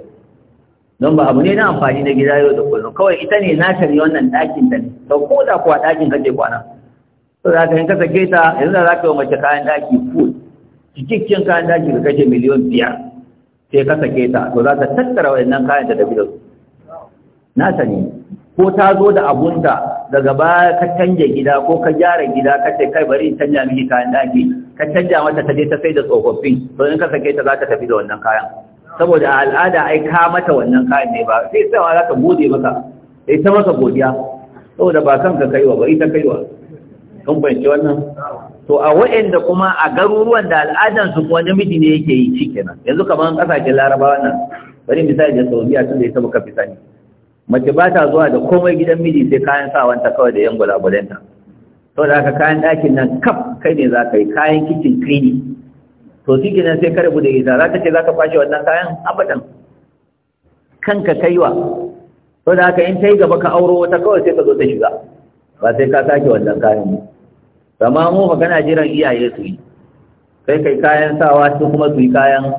don ba abu ne na amfani na gida yau da kullum kawai ita ne na tare wannan ɗakin da ne to ko da kuwa ɗakin kake kwana to za ka yanka sake ta yanzu za ka yi mace kayan ɗaki full cikakken kayan ɗaki ka kake miliyon biyar sai ka sake ta to za ka tattara wannan kayan da tafi da su na sani ko ta zo da abunta daga baya ka canja gida ko ka gyara gida ka ce kai bari in canja miki kayan ɗaki ka canja mata ta je ta sai da tsofaffin to in ka sake ta za ta tafi da wannan kayan saboda a al'ada ai ka mata wannan kayan ne ba sai tsawa za ta gode maka sai ta masa godiya saboda ba kan ka kaiwa ba ita kaiwa kan bayanci wannan to a wa'anda kuma a garuruwan da al'adan su kuma namiji ne yake yi shi kenan yanzu kamar kasashen larabawa nan bari misali da saudiya tun da ya taba kafi sani mace ba ta zuwa da komai gidan miji sai kayan sawanta kawai da yan gwalagwalenta to da aka kayan ɗakin nan kaf kai ne za ka yi kayan kicin kini. to shi kenan sai ka rabu da ita za ka ce za ka kwashe wannan kayan abadan kanka kaiwa to da haka in ta yi gaba ka auro wata kawai sai ka zo ta shiga ba sai ka sake wannan kayan mu amma mu fa kana jiran iyaye su yi kai kai kayan sawa su kuma su yi kayan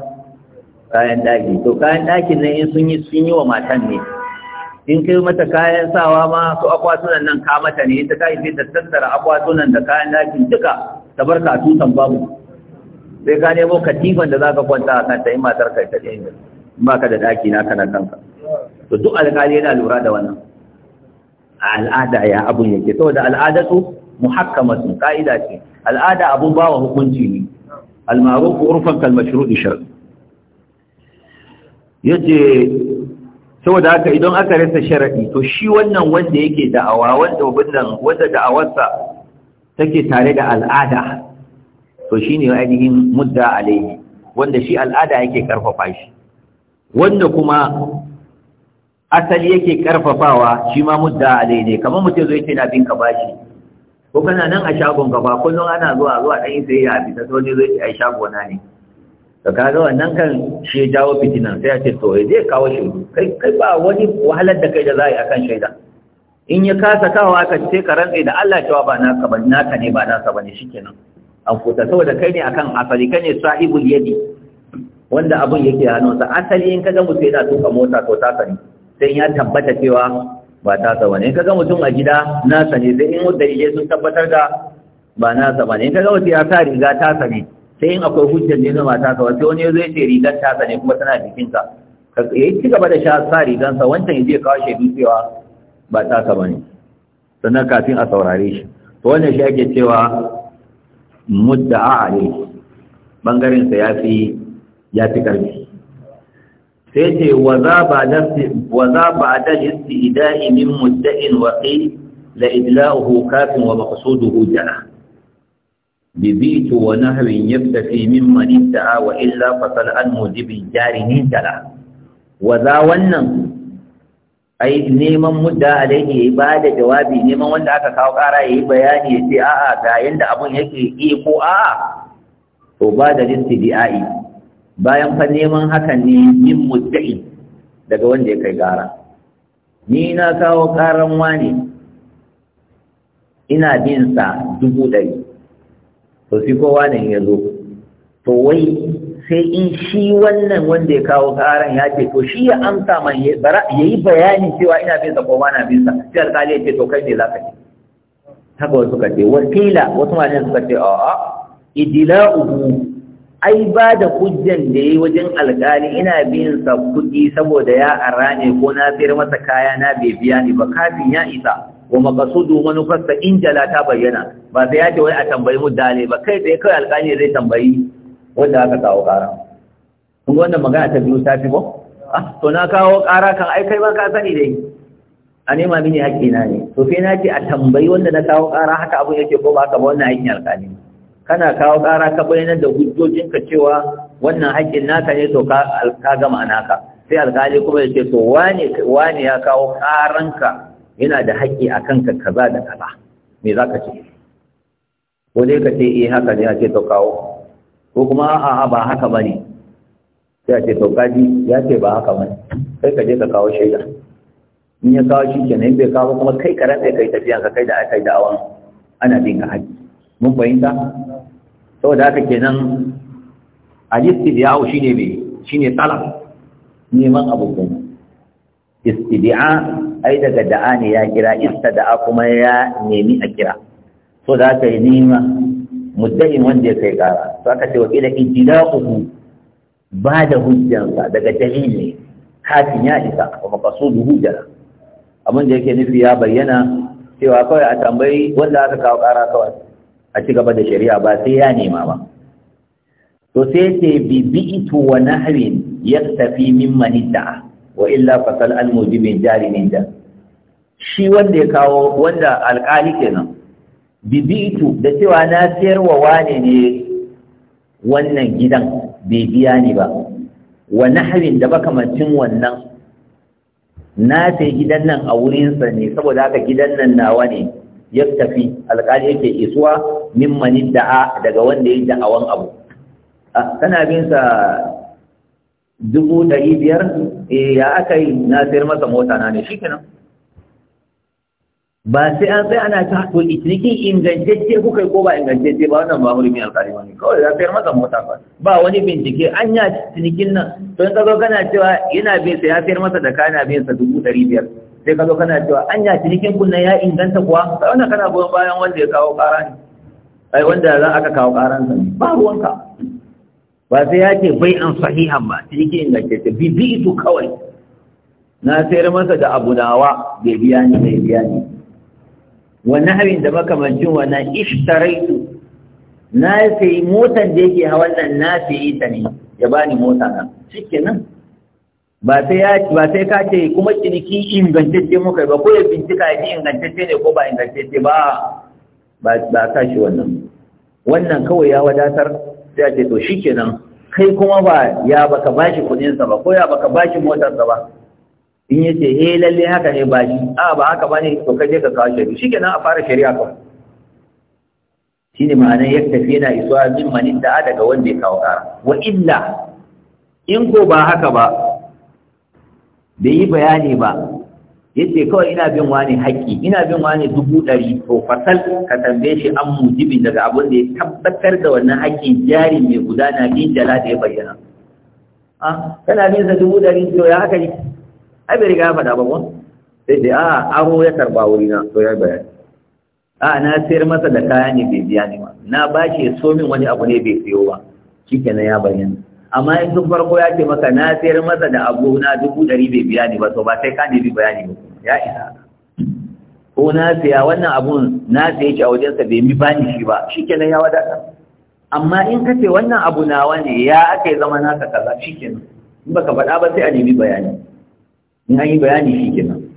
kayan ɗaki to kayan ɗakin nan in sun yi sun yi wa matan ne in kai mata kayan sawa ma su akwatunan nan ka mata ne ta kai sai ta tattara akwatunan da kayan dakin duka ta bar ka tutan babu sai ka nemo katifan da zaka kwanta a kanta in matar kai ta ɗaya ba ka da daki na kana kanka to duk alƙali yana lura da wannan al'ada ya abun yake saboda al'adatu muhakkamatu ka'ida ce al'ada abun bawa hukunci ne al-ma'ruf urfan kal mashru'i shar'i yace saboda haka idan aka rasa sharaɗi to shi wannan wanda yake da'awa wanda wannan wanda da'awarsa take tare da al'ada to shine ainihin mudda alaihi wanda shi al'ada yake karfafa shi wanda kuma asali yake karfafawa shi ma mudda alaihi ne kamar mutum zai ce na bin ka bashi ko kana nan a shagon gaba kullum ana zuwa zuwa dan yi sayayya a bisa to ne zai ce ai shago na ne ka zo wannan kan shi ya jawo fitina sai ya ce to zai kawo shi kai kai ba wani wahalar da kai da za a yi akan shaida in ya kasa kawo aka ce ka rantse da Allah cewa ba ka ba naka ne ba ba ne shikenan an kuta saboda kai ne akan asali kai ne sahibul yadi wanda abun yake sa, asali in ka ga mutum yana tuka mota to ta sani sai ya tabbata cewa ba ta sa bane in ga mutum a gida na sani, sai in dalilai sun tabbatar da ba na sa. Bani in ga mutum ya sa riga ta sani sai in akwai hujjar ne na ta ka sai wani ya zai ce rigar tasa ne kuma tana ka? ya yi ci gaba da sha sa wancan ya je kawo shaidu cewa ba ta ba ne sannan kafin a saurare shi to wannan shi ake cewa mudda a ale sa ya fi ya fi karfi sai ce wa za ba da listi ida'i min mudda'in waƙi la idla'uhu kafin wa maqsuduhu jana ببيت ونهو يفتفي ممن ادعى وإلا فصل عن موجب الجار نجلا وذا ونن ai neman mudda alaihi ba da jawabi neman wanda aka kawo kara yayi bayani ya ce a'a ga yanda abun yake yi ko a'a to ba da listidi'ai bayan fa neman hakan ne min mudda'i daga wanda ya kai gara ni na kawo karan wani ina bin sa dubu ɗari to shi kowa ne ya zo to wai sai in shi wannan wanda ya kawo karan ya ce to shi ya amsa man ya yi bayanin cewa ina bin sa ko ba na bin sa sai alƙali ya ce to kai ne za ka ce haka wasu ka ce wakila wasu malamin suka ce a'a idila'uhu ai ba da hujjan da yayi wajen alƙali ina bin sa kuɗi saboda ya arane ko na fira masa kaya na bai biya ni ba kafin ya isa wa maqasudu manufarsa in jala ta bayyana ba sai ya ce wai a tambayi mu dale ba kai tsaye kai alƙali zai tambayi wanda aka kawo ƙara kuma wannan magana ta biyu ta fi ko? Ah, to na kawo ƙara kan ai kai ba ka sani dai a nema mini haƙƙi na ne to sai na ce a tambayi wanda na kawo ƙara haka abun yake ko ba ka ba wannan aikin alƙali kana kawo ƙara ka bayyana da hujjojinka cewa wannan haƙƙin naka ne to ka gama naka sai alƙali kuma ya ce to wane ya kawo ƙaranka yana da haƙƙi a kanka kaza da kaza me za ka ce ko dai ka ce eh haka ne a ce to kawo ko kuma a'a ba haka ba ne sai a ce to kaji ya ce ba haka ba ne kai ka je ka kawo shaida in ya kawo shi kenan in bai kawo kuma kai ka rantsa kai tafiya ka kai da aka yi da'awan ana bin ka haƙƙi mun fahimta saboda haka kenan al-istibya shine shi shine talab neman abubuwan istidi'a ai daga da'a ne ya kira istada'a kuma ya nemi a kira so da aka yi nima mudda'in wanda ya kai kara So aka ce wakila uku ba da hujjansa daga dalili kafin ya isa kuma maqsudu hujjara abin da yake nufi ya bayyana cewa kawai a tambayi wanda aka kawo kara kawai a ci gaba da shari'a ba sai ya nema ba to sai ce bibi'tu wa nahwin yaktafi mimman da'a wa illa fasal almujibin jarimin da shi wanda ya kawo wanda alkali kenan bibitu da cewa na sayar wa wane ne wannan gidan bai biya ni ba wa nahwin da makamancin wannan na sai gidan nan a wurinsa ne saboda haka gidan nan nawa ne ya tafi alƙali yake isuwa min da'a daga wanda ya da'awan abu tana ah, bin sa dubu ɗari biyar eh, ya aka yi na sayar masa mota na ne shi kenan ba sai an sai ana ta to ciniki ingantacce kuka yi ko ba ingantacce ba wannan ba mulmi alƙali ba ne kawai za sayar masa mota ba ba wani bincike an ya cinikin nan to in ka zo kana cewa yana bin sa ya sayar masa da kana bin sa dubu ɗari biyar sai ka zo kana cewa an ya cinikin kun ya inganta kuwa sai wannan kana goyon bayan wanda ya kawo ƙara ne ai wanda za aka kawo ƙaransa ne ba ruwanka ba sai ya ce bai an sahihan ba ciniki ta bibi ito kawai na sayar masa da abu nawa bai biya ni bai biya ni wannan harin da makamancin wannan ishtaraitu na sayi motan da yake hawan nan na sayi ta ne ya bani mota nan ba sai ya ba sai ka ce kuma ciniki ingantacce muka ba ko ya bincika ya ji ingantacce ne ko ba ingantacce ba ba ba sa shi wannan wannan kawai ya wadatar sai ya ce to shikenan kai kuma ba ya baka bashi kudinsa ba ko ya baka bashi motarsa ba in yi ce he eh, lalle haka ne ba shi a ah, ba haka ba to ka je ka kawo shari'a shi kenan a fara shari'a kawai shine ne ma'anar ya tafi yana isuwa min manin da'a daga wanda ya kawo ƙara wa illa in ko ba haka ba bai yi bayani ba yace kawai ina bin wani haƙƙi ina bin wani dubu ɗari to fasal ka tambaye shi an mujibin daga abin da ya tabbatar da wannan haƙƙin jari mai gudana bin jala da ya bayyana a kana bin sa dubu ɗari to ya haka ne ai bai riga ya faɗa ba ko sai dai a ah, aro ya karɓa na to ya bayyana a ah, na sayar masa da kaya ne bai biya ni ba na bashi ya so min wani abu ne bai siyo ba shikenan ya bayyana amma in sun farko ya ce maka na sayar masa da abu na dubu ɗari bai biya ni ba to ba sai ka nemi bayani ba ya isa ko na saya wannan abun na saya shi a wajensa bai mi bani shi ba shikenan ya wadata amma in ka ce wannan abu na ne ya aka yi zama naka kaza shikenan in baka faɗa ba sai a nemi bayani in an yi bayani shikenan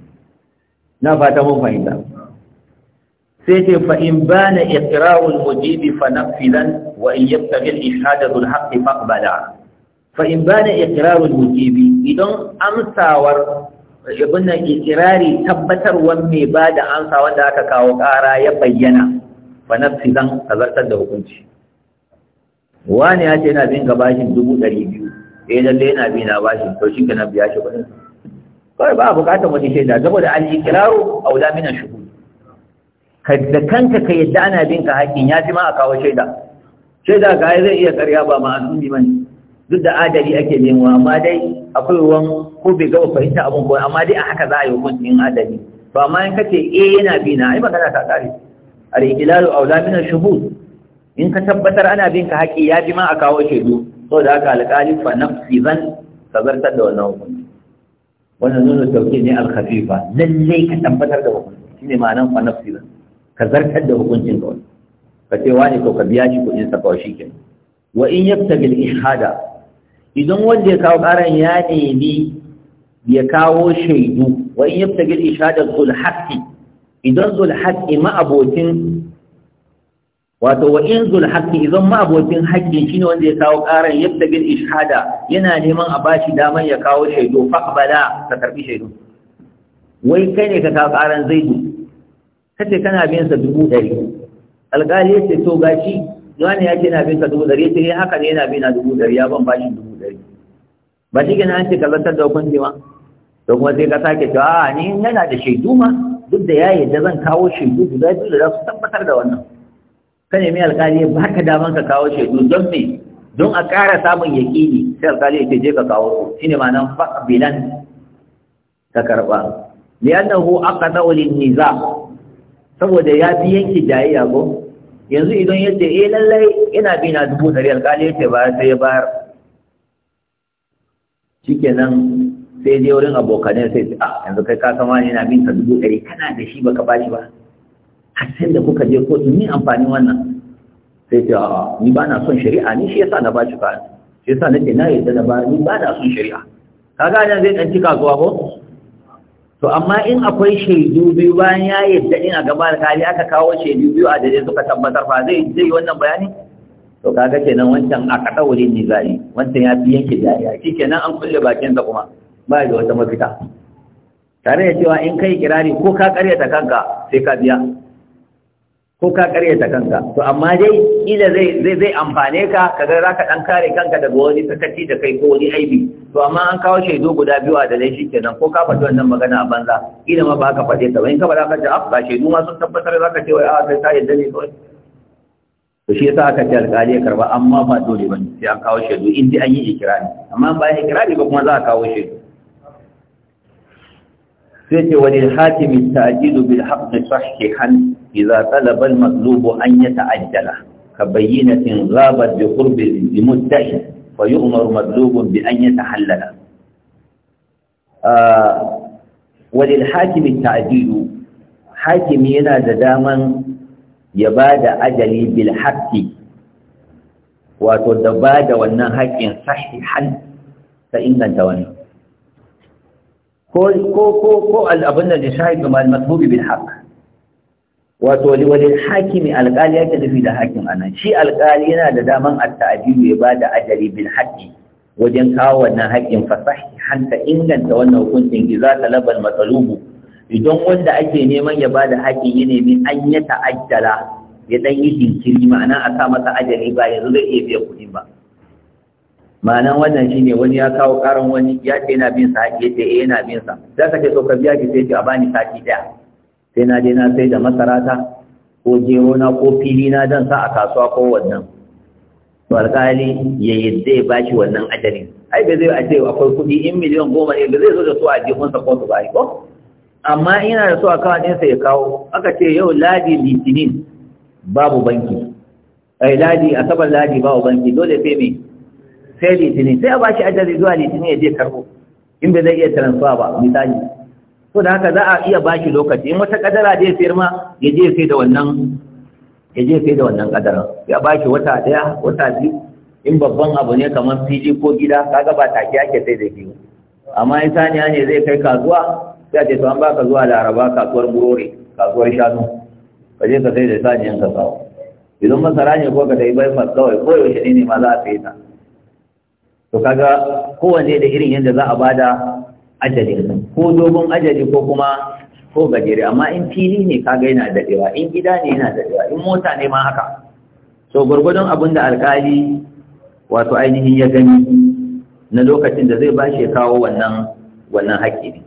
na fata mun fahimta sai ce fa in bana iqrarul mujibi fa nafilan wa in yabtaghi al-ishhadu al haqqi faqbala fa'in ba na ikirarin wujibi idan amsawar ibn ikirari tabbatarwar mai ba da amsa wanda aka kawo ƙara ya bayyana na nafsi zan kazartar da hukunci wani ya ce yana bin ga bashin dubu ɗari biyu eh lalle yana bin na bashin to shi kana biya shi kuɗin kawai ba a buƙatar wani shaida saboda al-iqraru aula min ash-shuhud da kanka ka yadda ana bin ka hakkin ya ji ma a kawo shaida shaida ga zai iya karya ba ma ma'asumi bane duk da adali ake nemo amma dai akwai ruwan ko bai gaba fahimta abin ko amma dai a haka za a yi hukuncin adali to amma in kace eh yana bi na ai magana ta kare al ihlalu aula min al shuhud in ka tabbatar ana bin ka haƙi ya ji ma a kawo shaidu saboda haka alƙali fa nafsi zan kazartar da wannan hukunci wannan nuna tauke ne al khafifa lallai ka tabbatar da hukunci shine ma'anar fa nafsi zan zartar da hukuncin ka wani ka ce wani ko ka biya shi kuɗin sa kawai kenan. wa in yabtabil ihada idan wanda ya kawo ƙaran ya nemi ya kawo shaidu wa in yabta gil ishadar zulhaqqi idan zulhaqqi ma'abotin wato wa in zulhaqqi idan ma'abotin haƙƙi shine wanda ya kawo ƙaran yabta gil ishada yana neman a bashi daman ya kawo shaidu faqbala ka karbi shaidu wai kai ne ka kawo ƙaran zaidu kace kana bin sa dubu ɗari alƙali ya ce to gashi wani ya ce na bin sa dubu ɗari ya ce eh, haka ne yana bin na dubu ɗari ya ban bashi dubu ba shi gina ce ka da hukunci ba to kuma sai ka sake cewa a ni yana da shaidu ma duk da ya da zan kawo shaidu guda biyu da za su tabbatar da wannan ka nemi alkali ba ka daman ka kawo shaidu don me don a ƙara samun yaƙini sai alkali ya je ka kawo su shine ma'anar fa'a bilan ka karɓa li'annahu aqta'u lin-niza saboda ya fi yanki jayi ko yanzu idan yace eh lallai ina bi na dubu dari ya yace ba sai ya bayar shikenan sai je wurin abokanai sai ce ah yanzu kai ka kama ne na bin ka dubu ɗari kana da shi baka bashi ba har sai da kuka je kotu ni amfanin wannan sai ce a'a ni ba na son shari'a ni shi yasa na bashi ka shi yasa nake na yi da ba ni ba na son shari'a Ka nan zai ɗan cika zuwa ko to amma in akwai shaidu biyu bayan ya yadda in a gaba da kali aka kawo shaidu biyu a dare suka tabbatar fa zai yi wannan bayani to kaga kenan wancan a kada ne nizari wancan ya fi yanke ya shi kenan an kulle bakinsa kuma ba da wata mafita tare da cewa in kai kirari ko ka karyata kanka sai ka biya ko ka karyata kanka to amma dai ila zai zai zai amfane ka kaga zaka dan kare kanka daga wani sakaci da kai ko wani aibi to amma an kawo shaidu guda biyu a dalai kenan, ko ka faɗi wannan magana a banza ila ma ba ka faɗe ta ba in ka ba za ka ji ah, ba shaidu ma sun tabbatar za ka ce wai a ah, sai ta yadda ne kawai to shi yasa aka ce alƙali ya karba amma ba dole ba sai an kawo shaidu in dai an yi ikirari amma ba ikirari ba kuma za a kawo shaidu sai ce wani hakimi ta'jilu bil haqqi sahihan idza talaba al mazlubu an yata'ajjala ka bayyinatin ghabat bi qurbi al mudda'i fa yu'maru mazlubun bi an yatahallala وللحاكم ah, التعديل Hakimi yana da daman ya ba da ajali bil haqqi wato da ba da wannan haƙƙin sahihan ta inganta wani ko ko ko ko al'abun da shahid ma al-matbubi bil haqq wato walil hakimi alƙali yake nufi da haƙƙin anan shi alƙali yana da daman a tadilu ya ba da ajali bil haqqi wajen kawo wannan haƙƙin fasahi hanta inganta wannan hukuncin idza talaba al-matlubu idan wanda ake neman ya bada haƙƙi ya nemi an ya ta'ajjala ya dan yi jinkiri ma'ana a sa masa ajali ba yanzu zai iya biyan kuɗin ba ma'ana wannan shi ne wani ya kawo karan wani ya ce yana bin sa haƙƙi ya ce eh yana bin sa za ka ce ka biya ki sai ki a bani sati ɗaya sai na je na sai da masarata ko gero na ko fili na dan sa a kasuwa ko wannan to alƙali ya yadda ya bashi wannan ajali. ai ba zai a ce akwai kuɗi in miliyan goma ne ba zai zo da su a jikunsa ko su ba ko amma ina da so account ɗinsa ya kawo aka ce yau ladi litinin babu banki ai ladi asabar ladi babu banki dole sai me sai litinin sai a bashi ajali zuwa litinin ya je karbo in bai zai iya transfer ba misali so da haka za a iya bashi lokaci in wata kadara da ya sayar ma ya je sai da wannan ya je sai da wannan kadara ya bashi wata daya wata biyu in babban abu ne kamar fili ko gida kaga ba take ake sai da biyu amma in saniya ne zai kai kasuwa sai a ce to an baka zuwa laraba kasuwar burore kasuwar shanu ka je ka sai da saniyan ka sawa idan masara ne ko ka dai bai fas kawai ko yaushe ne ma za a sai ta to kaga kowanne da irin yadda za a bada ajali ko dogon ajali ko kuma ko gajere amma in fili ne kaga yana daɗewa in gida ne yana daɗewa in mota ne ma haka so gwargwadon abin da alkali wato ainihin ya gani na lokacin da zai bashi ya kawo wannan wannan haƙƙi ne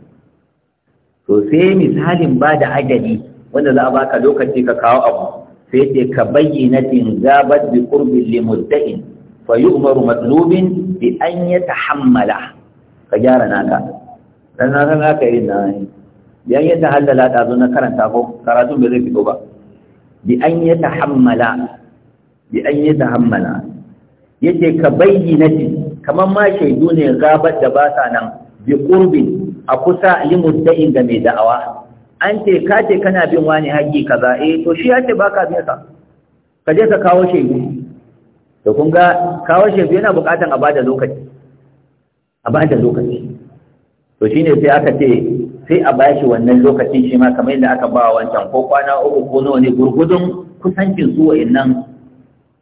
to sai misalin ba da adadi wanda za a baka lokaci ka kawo abu sai ce ka bayyana tin zabat bi qurbin li mudda'in fa yu'maru matlubin bi an yatahammala ka gyara naka dan na san haka irin na ne bi an yatahallala da zo na karanta ko karatu bai zai fito ba bi an yatahammala bi an yatahammala yace ka bayyana kamar ma shaidu ne gabar da ba sa nan bi qurbin a kusa yi mudda'in da mai da'awa an ce ka ce kana bin wani haƙi kaza E, to shi ya ce baka ka sa ka je ka kawo shaidu to kun ga kawo shaidu yana buƙatan a bada lokaci a bada lokaci to ne sai aka ce sai a bashi wannan lokaci shi ma kamar yadda aka ba wancan ko kwana uku ko nawa ne gurgudun kusancin su wa'annan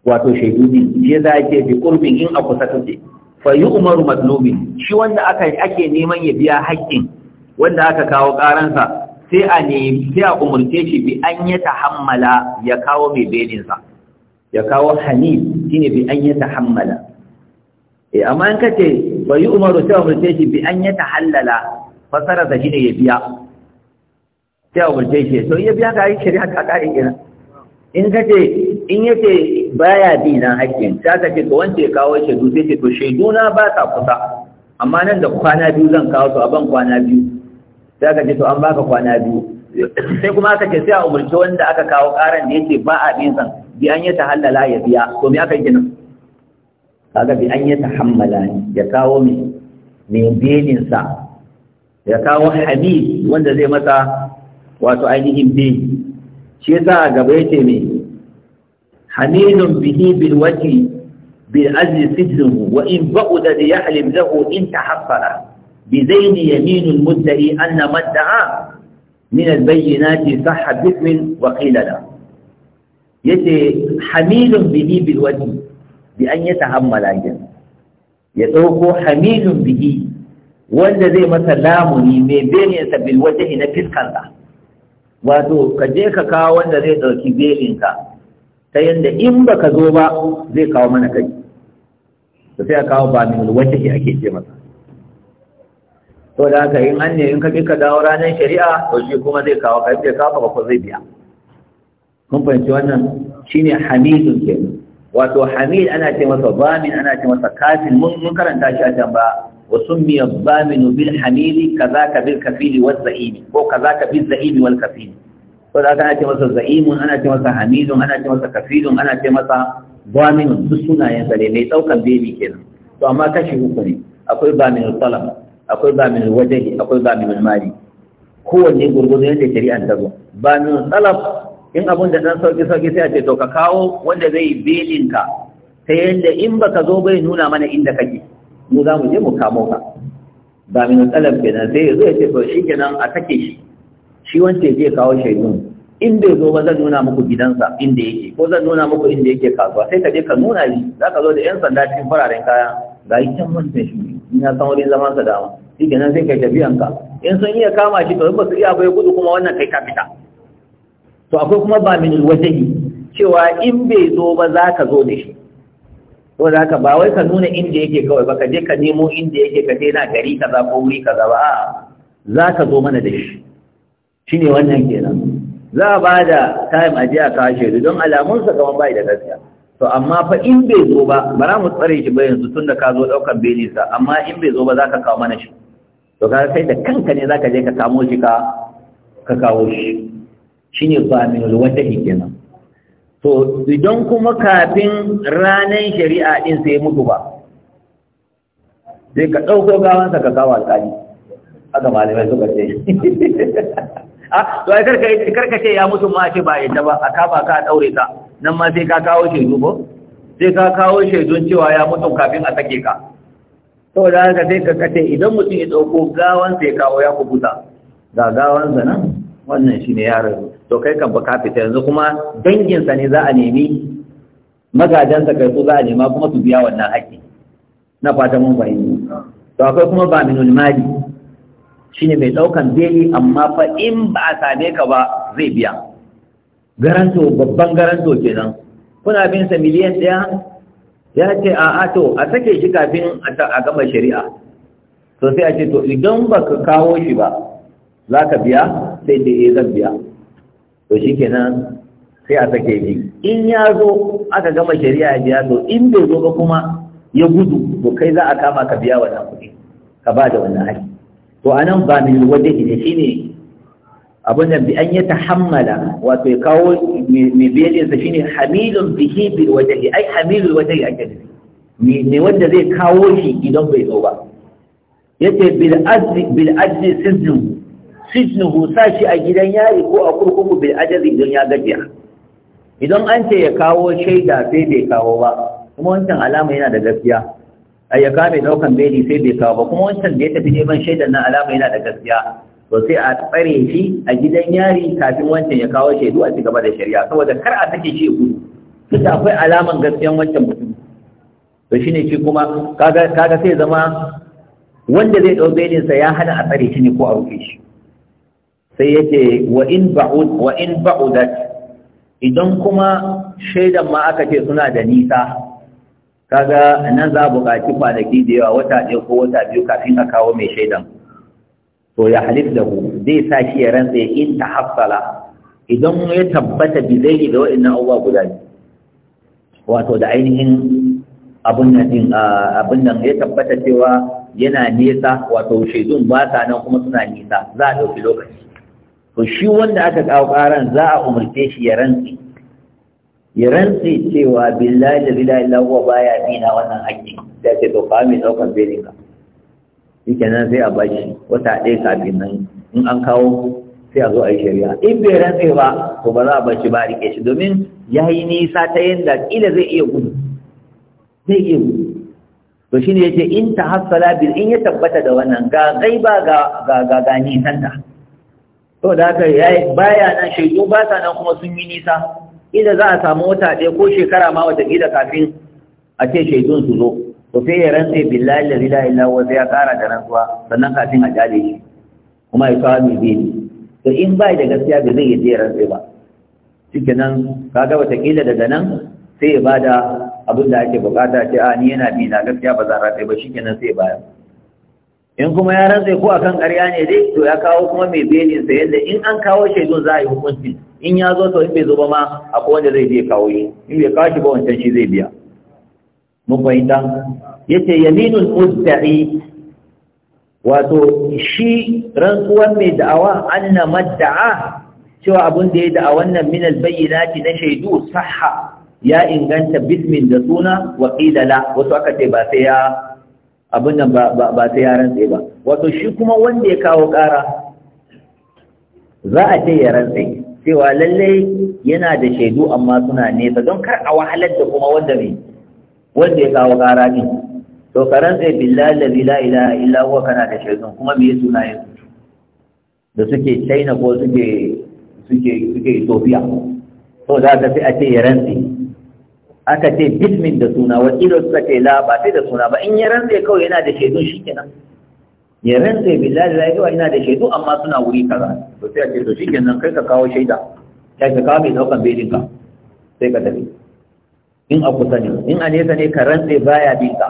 wato shaidu ne shi yasa yake bi qurbin in a kusa kake fa umaru madlubin shi wanda aka ake neman ya biya haƙƙin wanda aka kawo karansa sai a ne sai a umurce shi bi an ya tahammala ya kawo mai belinsa ya kawo shi ne bi an ya tahammala e amma in kace fa umaru sai a umurce shi bi an ya tahallala fasara da ne ya biya sai a umurce shi to ya biya ka yi shari'a ka ka'in in kace in yake baya bi nan haƙƙin ta ka ce ga wanda ya kawo shaidu sai ce to shaidu ba ta kusa amma nan da kwana biyu zan kawo su a ban kwana biyu ta ka ce to an baka kwana biyu sai kuma aka ce sai a umarci wanda aka kawo karan da yake ba a bin san bi an yi halala ya biya to me aka gina kaga bi an yi hammala ya kawo me me belin sa ya kawo habib wanda zai masa wato ainihin bi shi yasa gaba yace me حميل به بالوجه بالأجل سجنه وإن بعد ليعلم له إن تحصل بزين يمين المدعي أن ما ادعى من البينات صح باسم وقيل له يتي حميل به بالوجه بأن يتحمل أيضا يتوقع حميل به wanda زي ما سلامني mai belinsa بالوجه نفس fiskansa wato ka je ka kawo wanda zai ta yadda in ba ka zo ba zai kawo mana kai ta sai a kawo ba wata ke ake ce masa to da haka in an ne in ka ka dawo ranar shari'a to shi kuma zai kawo kai zai kawo ko zai biya kun fahimci wannan shine hamidun ke. wato hamid ana ce masa bamin ana ce masa kafin mun karanta shi a can ba kaza ka wal الضامن ko kaza ka bil وكذاك wal kafili ko da ana ce masa za'imun ana ce masa hamidun ana ce masa kafidun ana ce masa baminun duk sunayen sa ne mai daukan bebi kenan to amma kashi uku ne akwai baminul talab akwai baminul wajhi akwai baminul mali kowanne gurgudu yadda shari'a ta zo baminul talab in abun da dan sauki sauki sai a ce to ka kawo wanda zai belin ka ta yadda in baka zo bai nuna mana inda kake mu za mu je mu kamo ka baminul talab kenan sai zai ce to kenan a take shi shi wanda ya kawo shaidun in bai zo ba zan nuna muku gidansa inda yake ko zan nuna muku inda yake kasuwa sai ka je ka nuna shi za ka zo da yan sanda cikin fararen kaya ga yi can wancan shi in ya san wurin zaman sa dama shi nan sai kai tafiyanka in sun iya kama shi to ba su iya bai gudu kuma wannan kai ka fita to akwai kuma ba min wajahi cewa in bai zo ba za ka zo da shi Ko da haka ba wai ka nuna inda yake kawai ba ka je ka nemo inda yake ka je na gari kaza ko wuri kaza ba za ka zo mana da shi ne wannan kenan za a ba da time a jiya a kawo shaidu don alamunsa kamar bai da gaskiya to amma fa in bai zo ba ba za mu tsare shi ba yanzu tun da ka zo ɗaukar belisa, amma in bai zo ba za ka kawo mana shi to ka kai da kanka ne za ka je ka kamo shi ka ka kawo shi shi ne ba wani wata kenan to idan kuma kafin ranar shari'a din sai mutu ba sai ka ɗauko gawansa ka kawo alƙali haka malamai suka ce a ah, to ai karka karka ce ya mutum ma ce ba yadda ba a kafa ka daure ka nan ma sai ka kawo shaidu dubo sai ka kawo shaidun cewa ya mutum kafin a sake ka da haka sai ka kace idan mutum ya dauko gawan sai kawo ya kubuta ga gawan sa nan wannan shine ya rayu to kai kan ba ka fita yanzu kuma dangin sa ne za a nemi magajan sa kai su za a nema kuma su biya wannan haƙƙi na fata mun fahimta to akwai kuma ba minul mali ne mai ɗaukan beli amma fa in ba a same ka ba zai biya garanto babban garanto ke nan. kuna bin sa miliyan ɗaya ya ce a ato a sake shi kafin a gama shari'a to sai a ce to idan ba ka kawo shi ba za ka biya sai da ya eh, zan biya to shi ke nan sai a sake shi in ya zo aka gama shari'a ya biya to in bai zo ba kuma ya gudu to kai za a kama ka biya wannan kuɗi ka ba da wannan haƙƙi to anan ba min waje ne shine abin da bi an ta tahammala wato ya kawo mai biyanin sa shine hamilun bihi bil wajhi ai wajen wajhi ake ne ne wanda zai kawo shi idan bai zo ba yace bil ajli bil ajli husa shi a gidan yari ko a kurkuku bil ajli idan ya gajiya idan an ce ya kawo shaida sai bai kawo ba kuma wancan alama yana da gaskiya Ayyaka mai kame daukan beli sai bai kawo ba kuma wancan da ya tafi neman shaidan nan alama yana da gaskiya to sai a tsare shi a gidan yari kafin wancan ya kawo shaidu a cigaba da shari'a saboda kar a take shi gudu duk akwai alaman gaskiyan wancan mutum to shine shi kuma kaga kaga sai zama wanda zai dau belin sa ya hana a tsare shi ne ko a rufe shi sai yace wa in ba'ud wa in ba'udat idan kuma shaidan ma aka ce suna da nisa kaga nan za a buƙaci kwanaki da yawa wata ɗaya ko wata biyu kafin a kawo mai shaidan to ya halif da ku zai sa shi ya rantse in ta hafsala idan ya tabbata bi zai da wa'annan abubuwa guda biyu wato da ainihin abin nan din abin nan ya tabbata cewa yana nesa wato shaidun ba sa nan kuma suna nisa, za a ɗauki lokaci to shi wanda aka kawo ƙaran za a umarce shi ya rantsa ya rantse cewa billahi da billahi lahuwa baya nina wannan haƙƙi sai ce to kawai mai ɗaukar belinka shi nan sai a bashi wata ɗaya kafin nan in an kawo sai a zo a yi shari'a in bai rantse ba to ba za a bashi ba a riƙe shi domin ya yi nisa ta yadda ƙila zai iya gudu zai iya gudu to shi ne ya ce in ta hassala bil in ya tabbata da wannan ga gaiba ga ga ga nisanta to da haka ya baya nan shaidu ba sa nan kuma sun yi nisa ida za a samu wata ɗaya ko shekara ma wata ƙila kafin a ce shaidun su zo to sai ya rantse billahi la ilaha illa huwa sai ya kara da rantsuwa sannan kafin a jale shi kuma ya kawo mai bini to in bai da gaskiya ba zai yi rantse ba cikin nan kaga wata ƙila daga nan sai ya bada abin da ake bukata ce a ni yana bi na gaskiya ba za a rantse ba sai ya bayar in kuma ya rantse ko akan ƙarya ne dai to ya kawo kuma mai belin sa yadda in an kawo shaidun za a yi hukunci in ya zo to in bai zo ba ma akwai wanda zai je kawo yi in bai kawo shi ba wancan shi zai biya mun fahimta yace yaminul mudda'i wato shi rantsuwan mai da'awa anna madda'a cewa abun da ya da'a wannan min albayyinati na shaidu sahha ya inganta bismin da suna wa qila la wato aka ce ba sai ya abin nan ba ta yaran tsaye ba wato shi kuma wanda ya kawo ƙara za a ce yaran tsaye cewa lallai yana da shaidu amma suna nesa don kar a wahalar da kuma wanda mai wanda ya kawo ƙara ne to karan tsaye billahi la ilaha illa huwa kana da shaidu kuma me suna yin da suke china ko suke suke suke ethiopia to za ka sai a ce yaran tsaye aka ce bismin da suna ido suka ce la ba sai da suna ba in ya rantse kawai yana da shaidu shikenan ya rantse billahi la yawa ina da shaidu amma suna wuri kaza to sai a ce to shikenan kai ka kawo shaida kai ka kawo mai daukan belin ka sai ka tafi in a kusa ne in a nesa ne ka rantse baya bin ka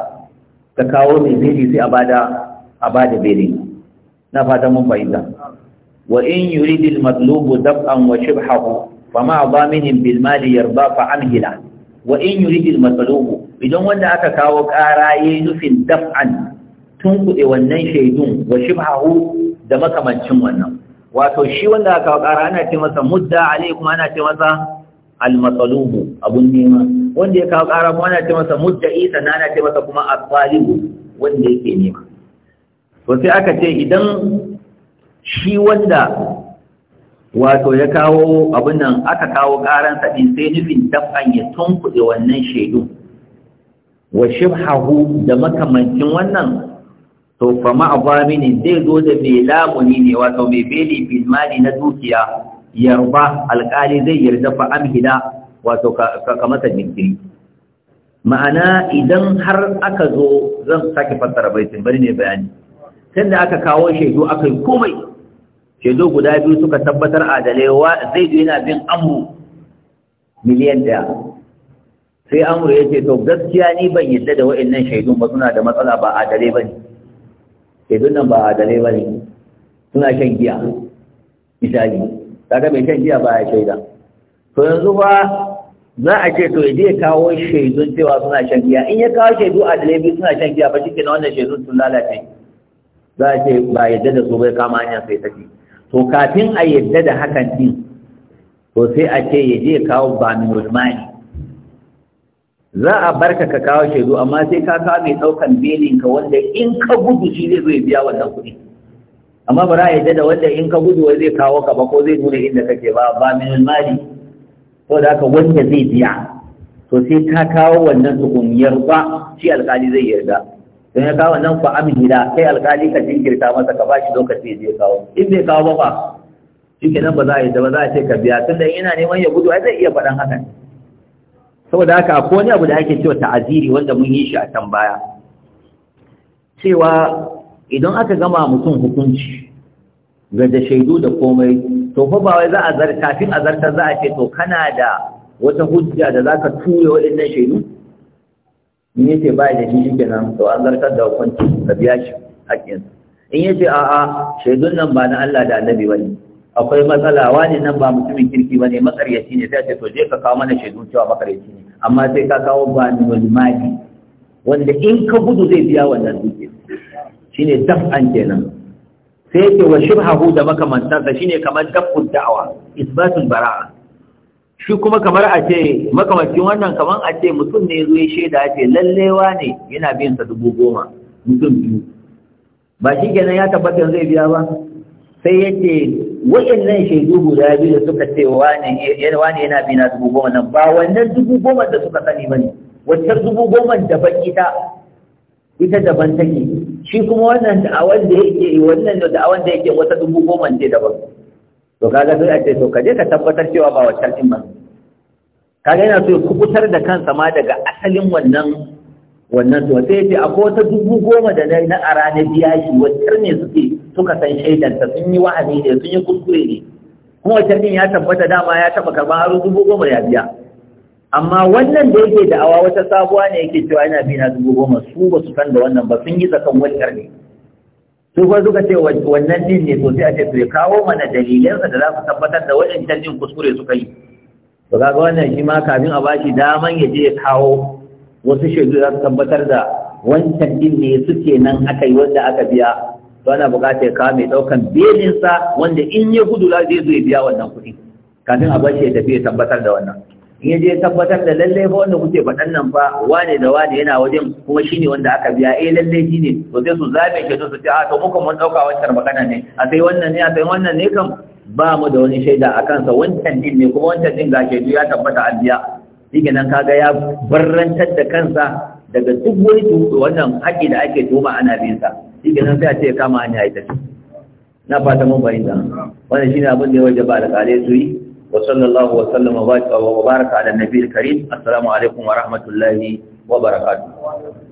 ka kawo mai beli sai a bada a bada belin na fata mun fahimta wa in yuridil madlubu dab'an wa shibhahu fama dhaminin bil mali yarda fa amhila wa in yuridil matsalubu idan wanda aka kawo ƙara yayi nufin daf'an tun kuɗe wannan shaidun wa shibahu da makamancin wannan wato shi wanda aka kawo ƙara ana ce masa mudda alai kuma ana ce masa al-matsalubu abun nema wanda ya kawo ƙara kuma ana ce masa mudda'i na ana ce masa kuma as wanda yake nema to sai aka ce idan shi wanda wato ya kawo abin nan aka kawo karan saɗin sai nufin dafan ya tunkuɗe wannan shaidu wa shibhahu da makamancin wannan to fa ma abamini zai zo da mai lamuni ne wato mai beli bin mali na dukiya yarba alƙali zai yarda fa amhida wato ka masa jinkiri ma'ana idan har aka zo zan sake fassara baitin bari ne bayani tunda aka kawo shaidu akai komai shaidu guda biyu suka tabbatar a dalewa zai yana bin amru miliyan daya sai amru ya ce to gaskiya ni ban yadda da wa'annan shaidun ba suna da matsala ba dare ba ne shaidun nan ba a ba ne suna shan giya misali kaga mai shan giya ba ya shaida to yanzu ba za a ce to idan ya kawo shaidun cewa suna shan giya in ya kawo shaidu dare biyu suna shan giya ba shi ke na wannan shaidun sun lalace za a ce ba yadda da su bai kama hanyar sai tafi to kafin a yadda da hakan din to sai a ce ya je kawo mai rulmani za a barka ka kawo shaidu amma sai ka kawo mai ɗaukan belinka wanda in ka gudu shi zai zo ya biya wannan kuɗi amma ba za a yadda da wanda in ka gudu wai zai kawo ka ba ko zai nuna inda kake ba ba mai mali ko da haka wanda zai biya to sai ka kawo wannan tukunyar ba shi alƙali zai yarda don ya kawo nan fa amin gida kai alkali ka jinkirta masa ka bashi lokaci ya kawo in bai kawo ba fa ke nan ba za a yi da ba za a ce ka biya tunda yana neman ya gudu ai zai iya faɗan hakan saboda haka ko wani abu da ake cewa ta'aziri wanda mun yi shi a can baya cewa idan aka gama mutum hukunci ga da shaidu da komai to fa ba wai za a zarta kafin a zartar za a ce to kana da wata hujja da zaka ture waɗannan shaidu in ya ce bai da shi shi kenan to an zartar da hukunci ka biya shi haƙƙinsa in ya ce a'a shaidun nan ba na Allah da annabi ba ne akwai matsala wani nan ba mutumin kirki ba ne makaryaci ne sai ce to je ka kawo mana shaidun cewa makaryaci ne amma sai ka kawo ba mali wanda in ka gudu zai biya wannan duke shine an kenan sai yake wa shibhahu da makamantarsa shine kamar daf'ud da'awa isbatul bara'a shi kuma kamar a ce makamacin wannan kamar a ce mutum ne zuwa shaida ce lallewa ne yana biyan sa dubu goma mutum biyu ba shi kenan ya tabbatar zai biya ba sai ya ce wa'annan shaidu guda biyu da suka ce wa ne yana biyan dubu goma nan ba wannan dubu goma da suka sani ba ne Wancan dubu goma daban ita ita daban take shi kuma wannan da'awar da yake wannan da'awar da yake wata dubu goma ne daban to kaga sai a ce to kaje ka tabbatar cewa ba wancan din ba kaga yana so ya kubutar da kansa ma daga asalin wannan wannan to sai yace akwai wata dubu goma da na ara na biya shi wacce ne suke suka san ta sun yi wa'azi ne sun yi kuskure ne kuma wacce din ya tabbata dama ya taba karba har dubu goma ya biya amma wannan da yake da'awa wata sabuwa ne yake cewa yana bi na dubu goma su ba su san da wannan ba sun yi zakan wancan ne su kuma suka ce wannan din ne sosai a ce su ya kawo mana dalilansa da za su tabbatar da waɗancan din kuskure suka yi to kaga wannan shi ma kafin a bashi daman ya je ya kawo wasu shaidu za su tabbatar da wancan din ne suke nan aka yi wanda aka biya to ana buƙatar ya kawo mai ɗaukan belinsa wanda in ya gudu la zai zo ya biya wannan kuɗi kafin a bashi ya tafi ya tabbatar da wannan in je tabbatar da lalle ba wanda kuke faɗan nan fa wane da wane yana wajen kuma shine wanda aka biya eh lalle shine to sai su zabe ke su ce a ah, to muka mun dauka wancan magana ne a sai wannan ne a sai wannan ne kam ba mu da wani shaida a kansa wancan din ne kuma wancan din ga shaidu ya tabbata an biya shike nan kaga ya barrantar da kansa daga duk wani tuhu, wannan haƙi da ake tuma ana bin sa shike nan sai a ce kama hanya tafi. na fata mun bayyana wannan shine abin da ya wajaba alƙalai su yi وصلى الله وسلم وبارك على النبي الكريم السلام عليكم ورحمة الله وبركاته